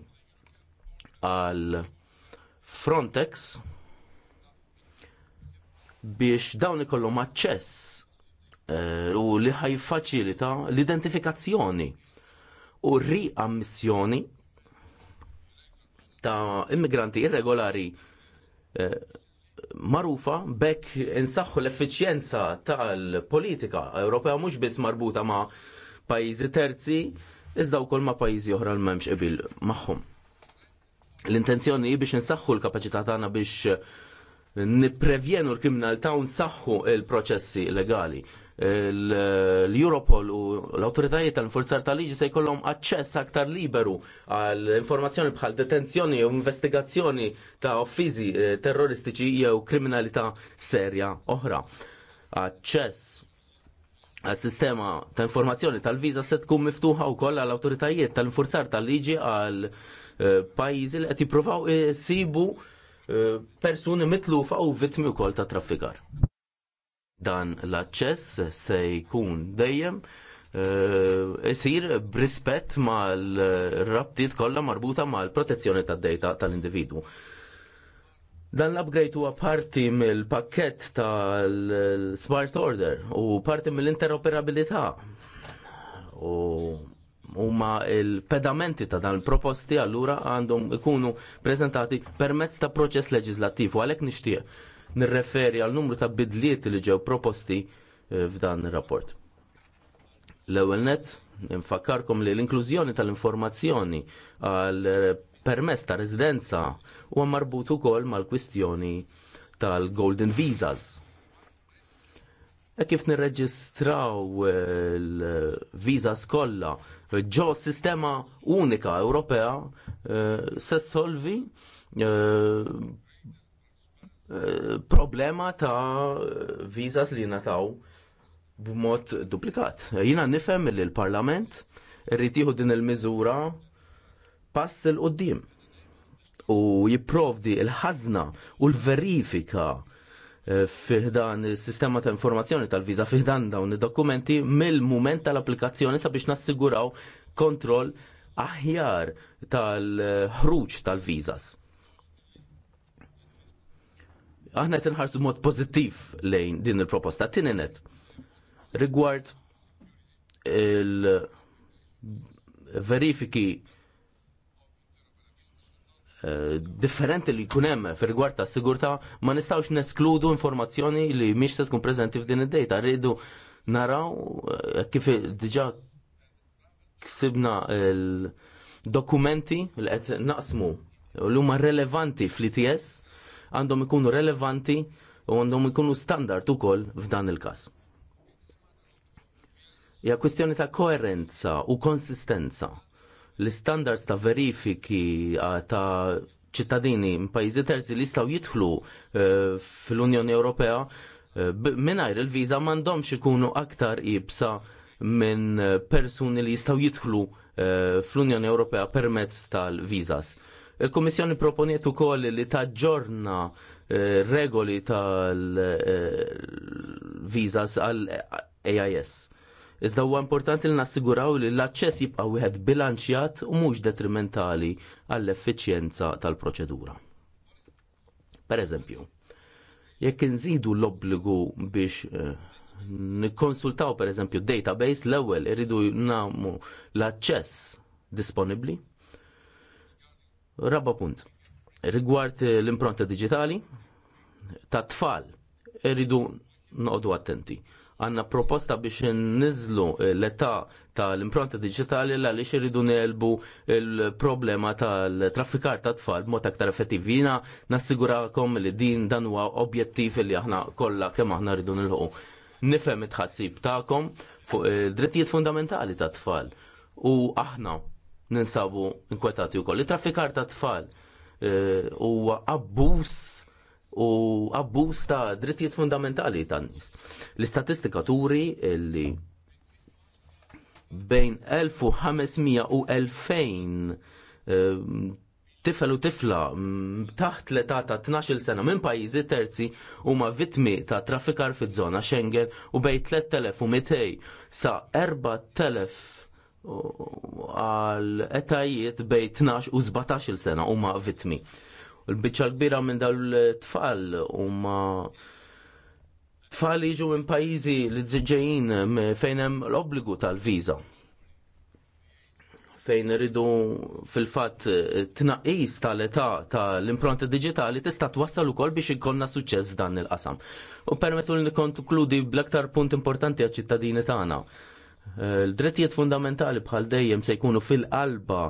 għal Frontex biex dawn ikollhom aċċess eh, u li ħajfaċilita l-identifikazzjoni u riammissjoni ta' immigranti irregolari eh, marufa bekk insaħħu l-effiċjenza tal-politika Ewropea mhux biss marbuta ma' pajjiżi terzi iżda wkoll ma' pajjiżi oħra li m'hemmx qabil magħhom. L-intenzjoni biex insaħħu l-kapaċità tagħna biex niprevjenu l kriminal u nsaħħu l proċessi legali l-Europol u l-autoritajiet tal-forzar tal-liġi se jkollhom aċċess aktar liberu għal informazzjoni bħal detenzjoni u investigazzjoni ta' offizi eh, terroristiċi jew kriminalità serja oħra. Aċċess għal-sistema ta' informazzjoni tal-viza se tkun miftuħa wkoll għall autoritajiet tal-forzar tal-liġi għal eh, pajjiżi li qed jippruvaw sibu persuni mitlufa u vittmi wkoll ta' traffikar. Dan l-aċċess se jkun dejjem eh, isir brispet brispett mal-rabtiet kollha marbuta mal-protezzjoni tad-dejta tal-individwu. Dan l-upgrade huwa parti mill-pakket tal-Smart Order u parti mill-interoperabilità. U huma il-pedamenti ta' dan il-proposti allura għandhom ikunu prezentati permezz ta' proċess leġislattiv u għalhekk nixtieq nirreferi għal numru ta' bidliet li ġew proposti eh, f'dan ir-rapport. L-ewwel nett infakkarkom li l-inklużjoni tal-informazzjoni għal permess ta' residenza huwa marbut ukoll mal-kwistjoni tal-Golden Visas kif nirreġistraw eh, l-vizas skolla ġo sistema unika Ewropea eh, se solvi eh, problema ta' vizas li nataw b'mod duplikat. Jina nifhem li l-Parlament rritiħu din il-miżura pass il qoddim u jipprovdi il-ħazna u l-verifika fiħdan il-sistema ta' informazzjoni tal-viza fiħdan dawn id-dokumenti mill-moment tal-applikazzjoni sabiex nassiguraw kontroll aħjar tal-ħruġ tal-vizas. Aħna qed inħarsu mod pożittiv lejn din il-proposta tinenet rigward il-verifiki il verifiki differenti li jkun hemm fir-rigward ta' sigurtà ma nistgħux neskludu informazzjoni li mhix se tkun preżenti f'din id-dejta. Rridu naraw eh, kif diġà ksibna l-dokumenti li qed naqsmu li huma relevanti fl-ITS għandhom ikunu relevanti u għandhom ikunu standard ukoll f'dan il-każ. Ja kwestjoni ta' koerenza u konsistenza l-standards ta' verifiki ta' ċittadini pajjiżi terzi li jistgħu jidħlu eh, fl-Unjoni Ewropea eh, mingħajr il-viża m'għandhomx ikunu aktar ibsa minn eh, persuni li jistgħu jidħlu fl-Unjoni Ewropea permezz tal vizas Il-Kummissjoni proponiet ukoll li taġġorna regoli tal vizas għal AIS Iżda huwa importanti li nassiguraw li l-aċċess jibqa' wieħed bilanċjat u mhux detrimentali għall-effiċjenza tal-proċedura. Pereżempju, jekk inżidu l-obbligu biex eh, nikkonsultaw pereżempju database l-ewwel iridu nagħmlu l-aċċess disponibbli. Rabba punt. Rigward l-impronta digitali ta' tfal irridu noqogħdu attenti għanna proposta biex nizlu eh, l-età tal-impronta digitali għaliex irridu nelbu il problema tal-traffikar ta' tfal b'mod aktar effettiv. Jina nassigurakom li din dan huwa objettiv li aħna kollha kemm aħna rridu nilħu. Nifhem it-ħassib tagħkom fuq eh, drittijiet fundamentali ta' tfal u aħna ninsabu inkwetati wkoll. it traffikar ta' tfal eh, huwa abbuż u abbuż ta' drittijiet fundamentali tan nies. L-istatistika turi li bejn 1500 u 2000 eh, tifel u tifla mm, taħt l-età ta' 12 sena minn pajjiżi terzi huma vittmi ta' trafikar fiż-żona Schengen u bejn 3200 sa 4000 għal etajiet bejn 12 u 17 sena huma vittmi l-bicċa kbira minn dawn l-tfal huma tfal jiġu minn pajjiżi li tżiġġejjin fejn hemm l-obbligu tal-viża. Fejn iridu fil-fatt tnaqqis tal-età tal-impronta diġitali tista' twassal ukoll biex ikollna suċċess f'dan il-qasam. U permettu li nikkonkludi bl-aktar punt importanti għaċ-ċittadini tagħna. Eh, l-drittijiet fundamentali bħal dejjem se jkunu fil-qalba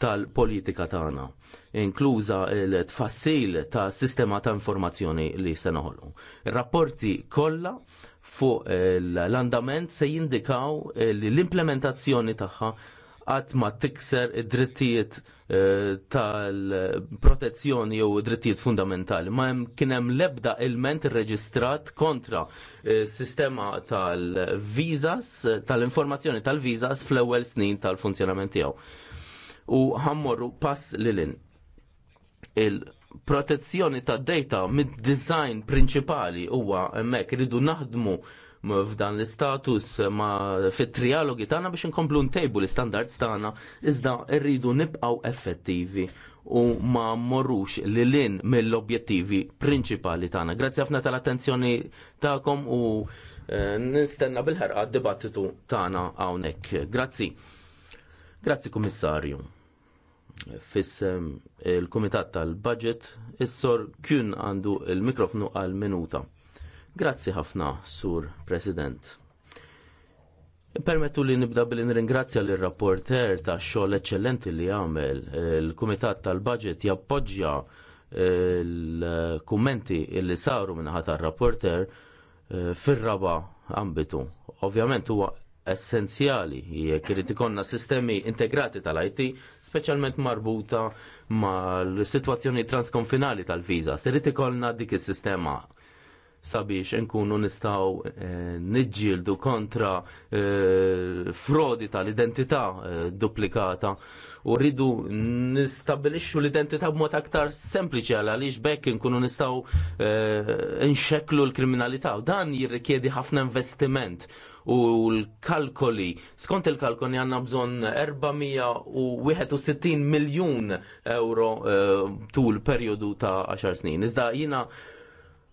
tal-politika tagħna, inkluża l-tfassil ta' sistema ta' informazzjoni li se noħolqu. Ir-rapporti kollha fuq l-andament se jindikaw li l-implementazzjoni tagħha qatt ma tikser id-drittijiet eh, tal-protezzjoni jew drittijiet fundamentali. Ma hemm kien hemm l-ebda ilment irreġistrat kontra eh, sistema tal-vizas, eh, tal-informazzjoni tal-vizas fl-ewwel snin tal-funzjonament tiegħu u ħammorru pass lilin. Il-protezzjoni ta' data mid-design prinċipali huwa hemmhekk ridu naħdmu f'dan l-istatus ma fit-trialogi tagħna biex inkomplu ntejbu l-istandards tagħna iżda rridu nibqgħu effettivi u ma morrux li lin mill-objettivi prinċipali tagħna. Grazzi ħafna tal-attenzjoni tagħkom u eh, nistenna bil-ħerqa dibattitu tagħna hawnhekk. Grazzi. Grazzi Kummissarju. Fissem il-Kumitat tal-Budget, is-sor kien għandu l mikrofnu għal minuta. Grazzi ħafna, Sur President. Permettu li nibda billi nirringrazzja l rapporter ta' xogħol eċċellenti li għamel. Il-Kumitat tal-Budget jappoġġja l-kummenti li saru minnaħat tar rapporter eh, fir-raba ambitu. Ovvjament huwa essenzjali jekk irid ikollna sistemi integrati tal-IT, speċjalment marbuta mal-sitwazzjoni transkonfinali tal-viża. Irid ikollna dik is-sistema sabiex nkunu nistaw eh, niġġieldu kontra eh, frodi tal-identità eh, duplikata u rridu nistabilixxu l-identità b'mod aktar sempliċi għal għaliex bekk nkunu nistaw nxekklu l-kriminalità u dan jirrikjedi ħafna investiment u l-kalkoli. Skont il-kalkoli għanna bżon 461 miljon euro uh, tul periodu ta' 10 snin. Iżda jina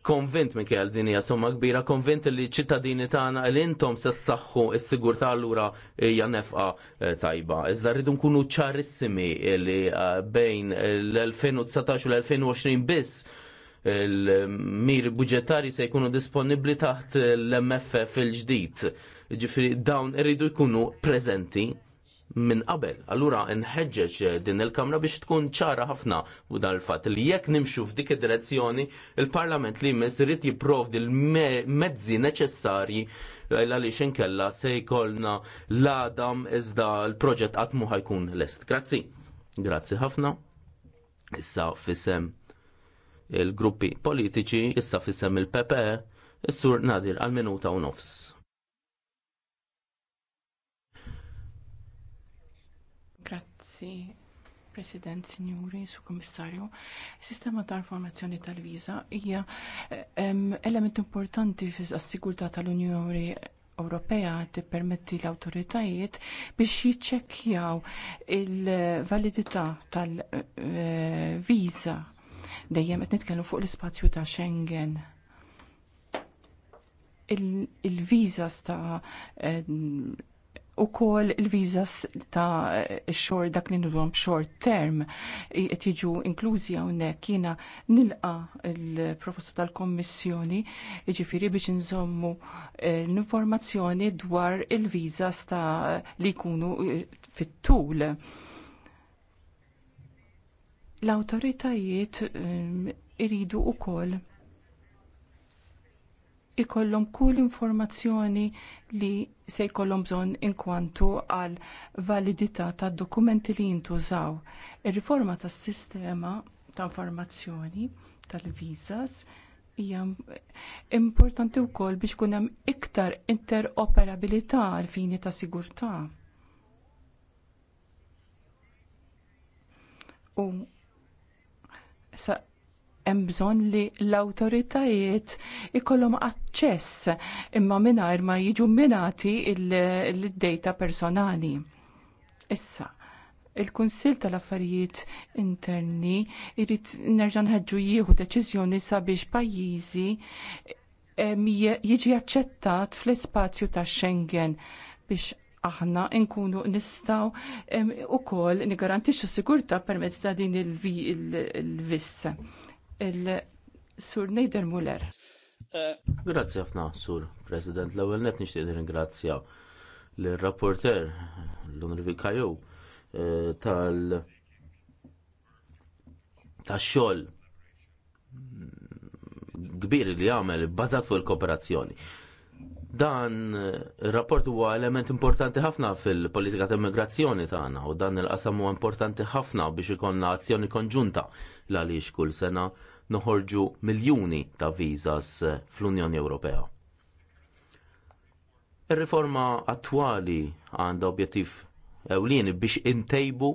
konvint minn kjell din hija somma kbira, konvint li ċittadini tagħna l intom se ssaħħu s-sigurtà allura hija nefqa eh, tajba. Iżda rridu nkunu ċarissimi li eh, bejn l-2019 u l-2020 biss il-mir budġetari se jkunu disponibli taħt l-MFF il-ġdid. Ġifiri, dawn irridu jkunu prezenti minn qabel. Allura nħeġġeġ din il-Kamra biex tkun ċara ħafna u dal-fat li jekk nimxu f'dik id-direzzjoni il-Parlament li jmiss irid jipprovdi l-mezzi neċessarji għaliex inkella se jkollna l-adam iżda l-proġett għatmu ħajkun l lest. Grazzi. Grazzi ħafna. Issa fissem il-gruppi politiċi issa fissem il-PPE is-sur Nadir għal minuta u nofs. Grazzi, President, Signori, Su Kommissarju. Sistema ta' informazzjoni tal-viza hija element importanti fis-sigurtà tal-Unjoni Ewropea tippermetti l-awtoritajiet biex jiċċekkjaw il-validità tal-viża eh, dejjem qed nitkellmu fuq l-ispazju ta' Schengen. Il-vizas ta' u kol il-vizas ta' xor dak li nidwom short term tiġu inklużi għonek jiena nilqa il-proposta tal-kommissjoni ġifiri biex nżommu eh, l-informazzjoni dwar il-vizas ta' li kunu fit-tul l awtoritajiet ehm, iridu wkoll ikollhom kull informazzjoni li se jkollhom bżonn inkwantu għal validità tad dokumenti li jintużaw. Ir-riforma tas-sistema ta' informazzjoni tal-visas hija importanti wkoll biex kun hemm iktar interoperabilità għal fini ta' sigurtà. U hemm bżonn li l-awtoritajiet ikollhom aċċess imma mingħajr ma jiġu minati l-data personali. Issa, il-Kunsill tal-Affarijiet Interni jrid nerġa' nħeġġu jieħu deċiżjoni sabiex pajjiżi jiġi aċċettat fl-ispazju tax Schengen biex aħna nkunu nistaw u kol nigarantixu sigurta permezz ta' din il-viss. Il-Sur Nejder Muller. Eh. Grazzi ħafna, Sur President. L-ewwel net nixtieq nirringrazzja l-rapporter l unrivi Kajow eh, tal ta' xogħol kbir li għamel bbażat fuq il-kooperazzjoni. Dan eh, rapport huwa element importanti ħafna fil-politika ta' immigrazzjoni tagħna u dan il-qasam huwa importanti ħafna biex ikollna azzjoni konġunta għaliex kull sena noħorġu miljuni ta' viżas eh, fl-Unjoni Ewropea. Ir-riforma attwali għandha objettiv ewlieni biex intejbu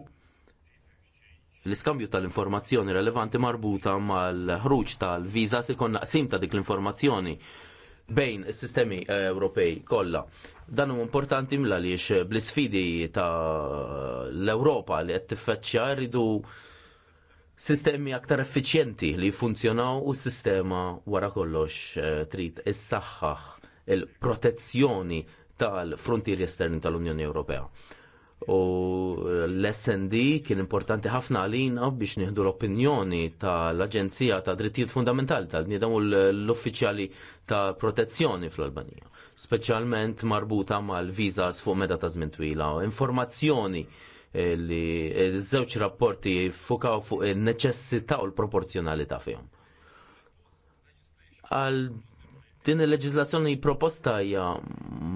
l-iskambju tal-informazzjoni relevanti marbuta mal-ħruġ tal-viżas ikon naqsim ta' dik l-informazzjoni bejn is-sistemi eh, Ewropej kollha. Dan huwa importanti mla għaliex eh, bl-isfidi ta' l-Ewropa li qed tiffaċċja rridu sistemi aktar effiċjenti li jfunzjonaw u s-sistema wara kollox eh, trid issaħħaħ il-protezzjoni tal-frontieri esterni tal-Unjoni Ewropea u l-SND kien importanti ħafna għalina biex nieħdu l-opinjoni tal-Aġenzija ta' Drittijiet Fundamentali tal-bniedem u l-Uffiċjali ta' Protezzjoni fl-Albanija, speċjalment marbuta mal vizas fuq meta ta' żmien twila u informazzjoni eh, li ż-żewġ rapporti fukaw fuq in-neċessità u l-proporzjonalità fihom. Għal Din il-leġizlazzjoni proposta hija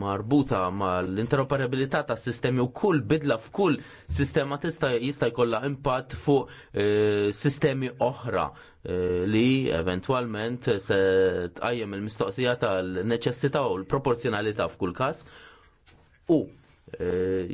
marbuta mal-interoperabilità ta' sistemi u kull bidla f'kull sistema tista' jista' jkollha impatt fuq eh, sistemi oħra eh, li eventwalment se tqajjem il-mistoqsija tal-neċessità u l-proporzjonalità f'kull każ. U Eh,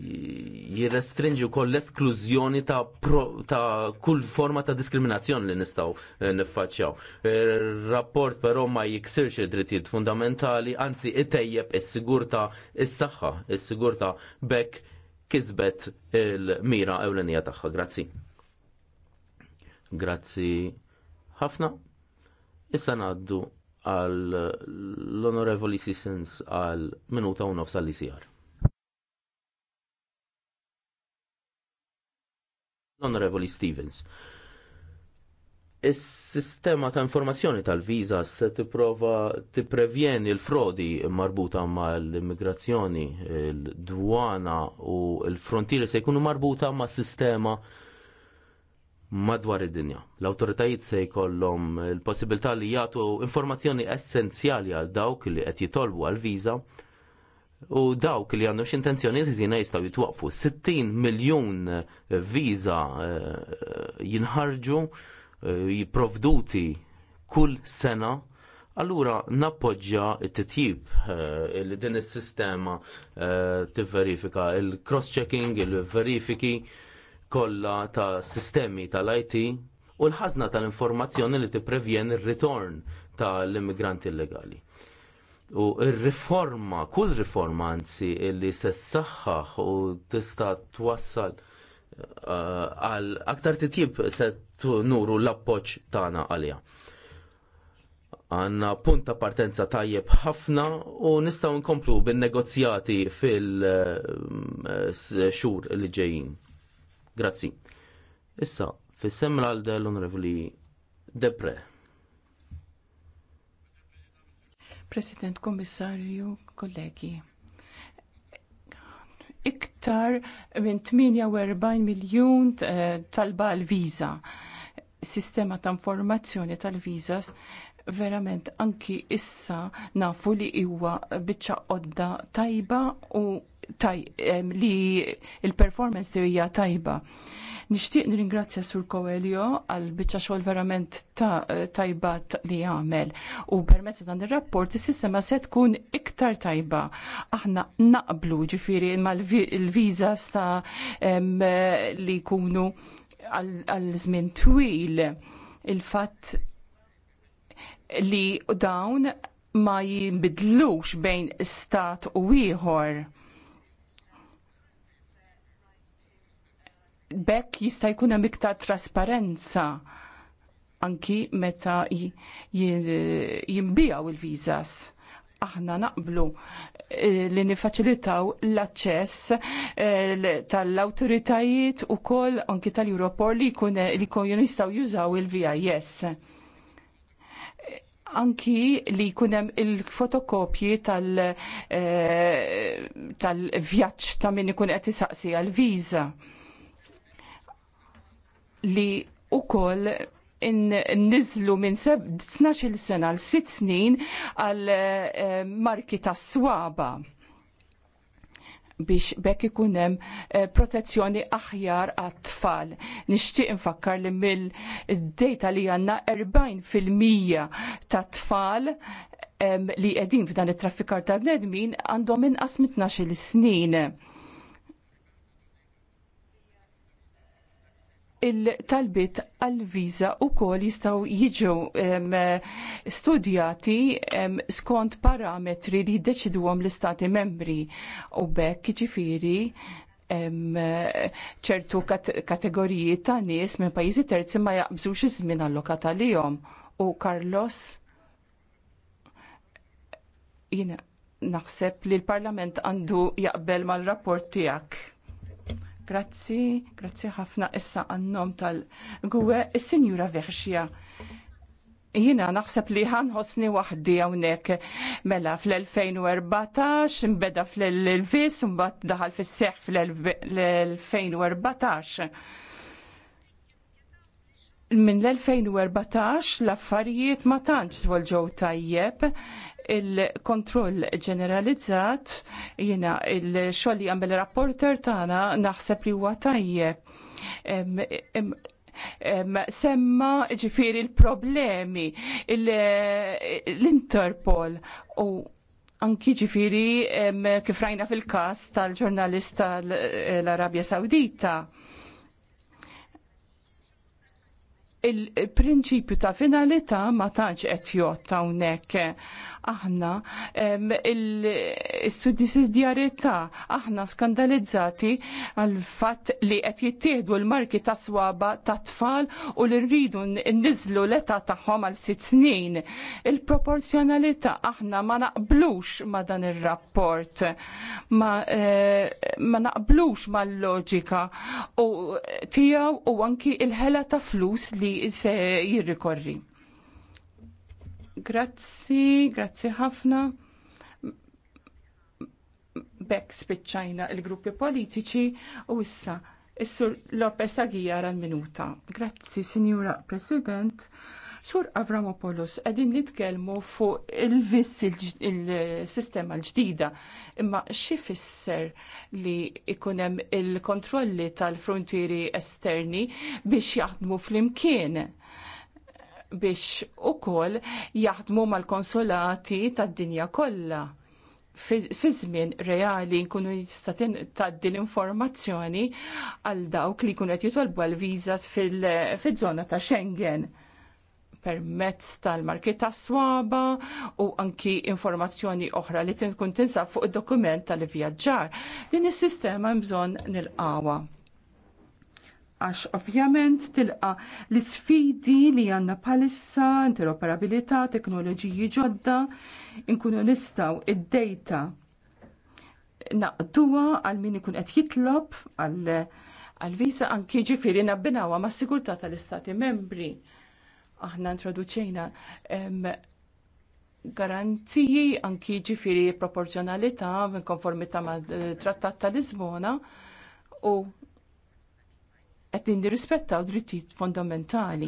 jirrestringi koll l-esklużjoni ta', pro, ta kull forma ta' diskriminazzjoni li nistgħu eh, niffaċċjaw. Eh, rapport però ma jiksirx id-drittijiet fundamentali, anzi itejjeb is-sigurta is-saħħa, is-sigurta bekk kizbet il-mira ewlenija tagħha. Grazzi. Grazzi ħafna. Issa ngħaddu għal l-Onorevoli Sissens għal minuta u nofs l icr Onorevoli Stevens. Is-sistema ta' informazzjoni tal-viza se tipprova tipprevjeni l-frodi marbuta mal-immigrazzjoni, l-dwana u l-frontieri se jkunu marbuta ma' sistema madwar id-dinja. L-autoritajiet se jkollhom il-possibilità li jagħtu informazzjoni essenzjali għal dawk li qed jitolbu għal viża u dawk li għandhom x'intenzjoni jiżina jistgħu jitwaqfu. 60 miljun eh, viża eh, jinħarġu eh, jipprovduti kull sena Allura nappoġġja t-titjib li din is-sistema tivverifika il-cross-checking, il-verifiki kollha ta' sistemi tal-IT u l-ħażna tal-informazzjoni li tipprevjen ir-ritorn tal-immigranti illegali. U r-riforma, kull riforma anzi li se ssaħħaħ u tista' twassal eh, għal aktar titjib se nuru l-appoġġ tagħna għaliha. Għanna punt ta' partenza tajjeb ħafna u nistgħu nkomplu bin-negozjati fil-xhur eh, li ġejjin. Grazzi. Issa, fis-semra għal l-Onorevoli Depre. President, Kommissarju, kollegi. Iktar minn 48 miljun eh, talba l-viza. Sistema ta' informazzjoni tal-vizas verament anki issa nafu li huwa biċċa qodda tajba u taj, eh, li il-performance hija tajba Nixtieq nirringrazzja Sur Kowelio għal biċċa xogħol verament tajba li jagħmel u permezz dan ir-rapport is-sistema se tkun iktar tajba. Aħna naqblu ġifieri mal viza ta' li jkunu għal żmien twil il-fatt li dawn ma jinbidlux bejn stat u ieħor bekk jista' jkun hemm iktar trasparenza anki meta jinbigħu il-vizas. Aħna naqblu eh, li nifaċilitaw l-aċċess eh, tal-awtoritajiet u anki tal-Europol li kun eh, jistaw jużaw il-VIS. Anki li kunem il-fotokopji tal-vjaċ ta' min ikun qed isaqsi għal-viza li u koll nizlu minn 12 sena l sitt snin għal eh, marki ta' swaba biex bekk ikunem eh, protezzjoni aħjar għat-tfal. Nixtieq infakkar li mill-data li għanna 40% ta' tfal li qegħdin f'dan it-traffikar ta' bnedmin għandhom inqas mit-12 snin il-talbit għal-viza u kol jistaw jiġu studjati skont parametri li jiddeċiduhom għom l-istati membri u bekk ġifiri ċertu kategoriji ta' nies minn pajjiżi terzi ma jaqbżux iż-żmien allokat lihom. U Carlos jiena naħseb li l-Parlament għandu jaqbel mal-rapport tiegħek. Grazzi, grazzi ħafna issa għannom tal-gwe, il-Sinjura Verxia. Jina naħseb li ħanħosni wahdi għawnek mela fl-2014, mbeda fl-Elvis, mbad daħal fil-seħ fl-2014 minn l-2014 l-affarijiet ma tantx zvolġow tajjeb il-kontroll ġeneralizzat jiena il-xogħol li rapporter tagħna naħseb li huwa tajjeb. Semma ġifiri il-problemi, l-Interpol u anki ġifiri kif rajna fil-kas tal-ġurnalista l-Arabja Sawdita il-prinċipju ta' finalità ma tantx qed jgħod hawnhekk aħna il-sussidjarjetà aħna skandalizzati għal fatt li qed jittieħdu l-marki ta' swaba ta' tfal u li rridu nniżlu l-età tagħhom għal sitt snin. Il-proporzjonalità aħna ma naqblux ma dan ir-rapport. Ma, eh, naqblux mal-loġika u tiegħu u anki il-ħela ta' flus li se jirrikorri. Grazzi, grazzi ħafna. Bek spiċċajna il-gruppi politiċi u issa Is-Sur Lopez Aguilar għal-minuta. Grazzi, Sinjura President. Sur Avramopoulos, għedin nitkelmu fuq il-viss il-sistema l-ġdida, imma xie fisser li ikunem il-kontrolli tal-frontieri esterni biex jaħdmu fl-imkien biex ukoll jaħdmu mal-konsolati tad-dinja kollha fi żmien reali nkunu jista' tgħaddi l-informazzjoni għal dawk li jkunu qed jitolbu għal viżas fiż-żona ta' Schengen permezz tal markiet tas swaba u anki informazzjoni oħra li tinkun tinsab fuq id-dokument tal-vjaġġar. Din is-sistema nil-qawa għax ovvjament tilqa l isfidi li għandna bħalissa, interoperabilità, teknoloġiji ġodda, inkunu nistaw id-data naqduwa għal min ikun qed jitlob għal għal visa anki ġifiri nabbinawa ma' sigurtà tal-istati membri. Aħna introduċejna garanziji anki ġifiri proporzjonalità konformità ma' trattat ta' Lisbona u qegħdin nirrispettaw drittijiet fondamentali.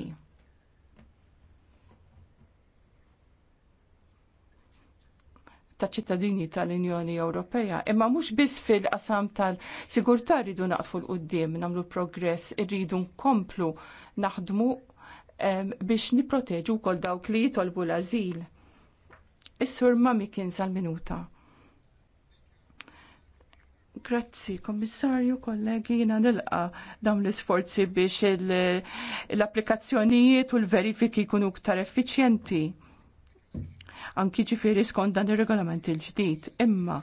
ta' ċittadini tal-Unjoni Ewropea, imma mhux biss fil-qasam tal-sigurtà rridu naqfu l-qudiem nagħmlu progress, irridu nkomplu naħdmu biex niproteġu wkoll dawk li jitolbu l ażil Is-sur Mami kien sal-minuta. Grazzi, kommissarju, kollegi, jina nilqa dawn l-isforzi biex l-applikazzjonijiet u l-verifiki jkunu ktar effiċjenti. Anki ġifiri skont dan il-regolament il-ġdid. Imma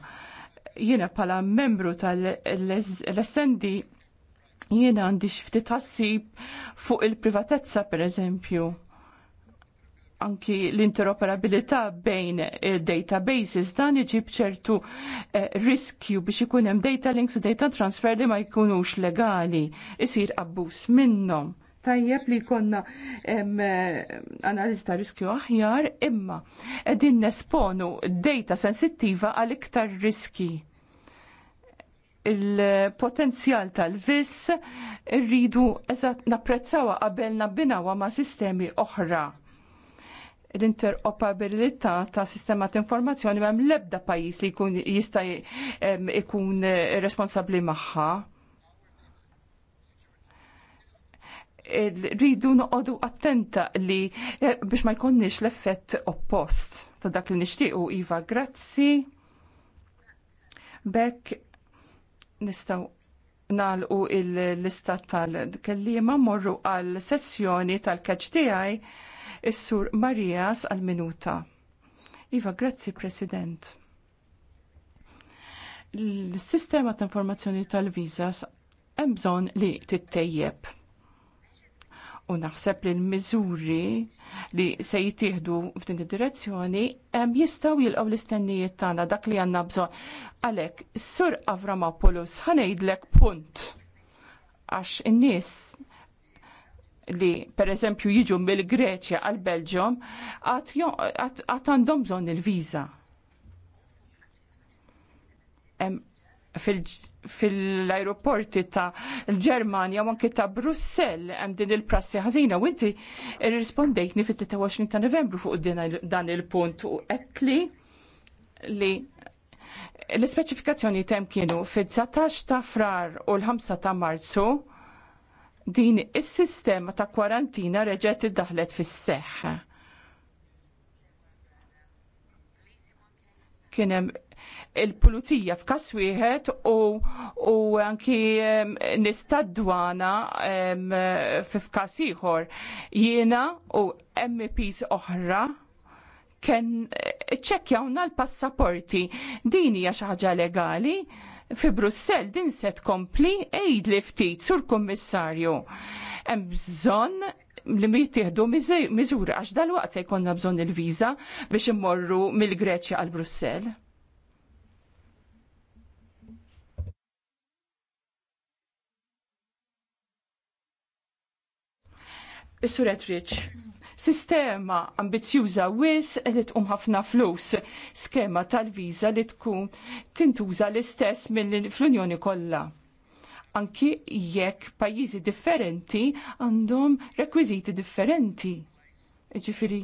jiena pala membru tal-SND jiena għandi ftit tassib fuq il-privatezza per eżempju anki l-interoperabilità bejn eh, databases dan iġib ċertu eh, riskju biex ikun hemm data links u data transfer li ma jkunux legali isir abbuż minnhom. Tajjeb li konna eh, analiz ta' riskju aħjar imma qegħdin nesponu data sensittiva għal iktar riski il-potenzjal tal-vis rridu eżat napprezzawa qabel nabbinawa ma' sistemi oħra l-interoperabilità ta' sistema ta' informazzjoni m'hemm l-ebda pajjiż li jkun jista' jkun eh, responsabbli magħha. Rridu noqogħdu attenta li eh, biex ma jkunniex l-effett oppost ta' dak li nixtiequ iva grazzi. Bekk nistgħu nalqu il-lista tal-kellima morru għal sessjoni tal-catch Is-Sur Marijas għal-minuta. Iva, grazzi President. L-sistema ta' informazzjoni tal-vizas hemm bżonn li tittejjeb. U naħseb li l-miżuri li se jitieħdu f'din id-direzzjoni jistgħu jilqgħu l-istennijiet tagħna dak li għandna bżonn. Għalhekk, Sur Avramopoulos ħanejdlek punt għax in-nies li per eżempju jiġu mill-Greċja għal belġium għat għandhom bżonn il-viża. Fil-aeroporti fil ta' l germania u anke ta' Brussell hemm din il-prassi ħażina u inti irrispondejtni fit-23 ta' Novembru fuq dan il-punt u qedtli li l-ispeċifikazzjoni tem kienu fil-19 ta' frar u l-5 ta' marzu din is-sistema ta' kwarantina reġgħet iddaħlet fis-seħħ. Kien hemm il-pulizija f'kas wieħed u, u anki nistadwana f'kas ieħor. Jiena u MPs oħra ken ċekkjawna l-passaporti. Din hija xi ħaġa legali fi Brussell din se tkompli ejd li ftit sur Kommissarju, Hemm bżonn li mi jittieħdu miżuri għax dal-waqt se jkollna bżonn il-viża biex immorru mill-Greċja għal Brussell. Is-Suret Rich sistema ambizjuża wis li tqum ħafna flus, skema tal-viża li tkun tintuża l-istess mill-Unjoni kollha. Anki jekk pajjiżi differenti għandhom rekwiżiti differenti. Ġifiri,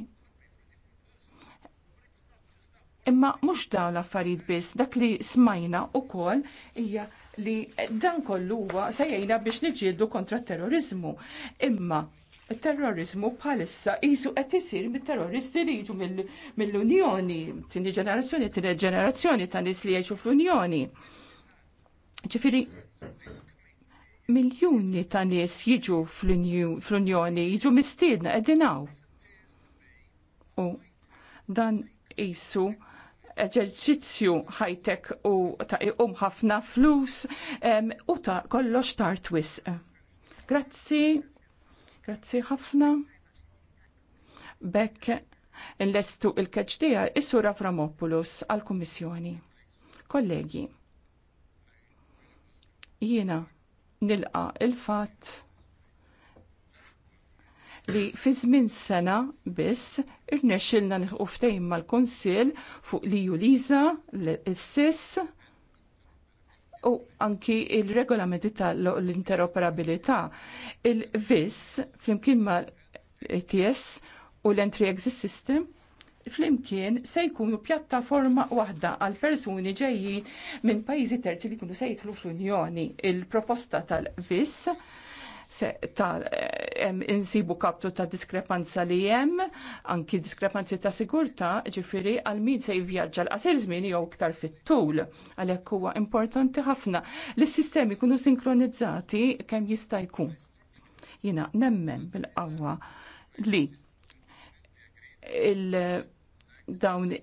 Imma mhux dawn l-affarijiet biss, dak li smajna wkoll hija li dan kollu huwa sejjajna biex niġġieldu kontra t terrorizmu. Imma il-terrorizmu bħalissa jisu qed isir mit-terroristi li jiġu mill-Unjoni, tieni ġenerazzjoni, tieni ġenerazzjoni ta' nies li jgħixu fl-Unjoni. Ġifieri miljuni ta' nies jiġu fl-Unjoni, jiġu mistiedna qegħdin U dan isu eġerċizzju ħajtek u ta' iqum ħafna flus u ta' kollox tartwis. Grazzi Grazzi ħafna. Bekk l lestu il keċtija is-sura Framopoulos għal-Kummissjoni. Kollegi, jiena nilqa il-fatt li fi żmien sena biss irnexxilna nilħu ftehim mal-Kunsill fuq li Juliza l-Sis u anki il-regolamenti tal-interoperabilità. Il-VIS, flimkien ma l-ETS u l-Entry Exit System, flimkien se jkunu pjattaforma waħda għal persuni ġejjin minn pajjiżi terzi li jkunu se jidħlu fl-Unjoni. Il-proposta tal-VIS ta' eh, insibu kaptu ta' diskrepanza li jem, anki diskrepanzi ta' sigurta, ġifiri għal min se jivjaġġa l-qasir żmien jew iktar fit-tul. Għalhekk huwa importanti ħafna li s-sistemi kunu sinkronizzati kemm jista' jkun. Jina nemmen bil-qawwa li il- dawn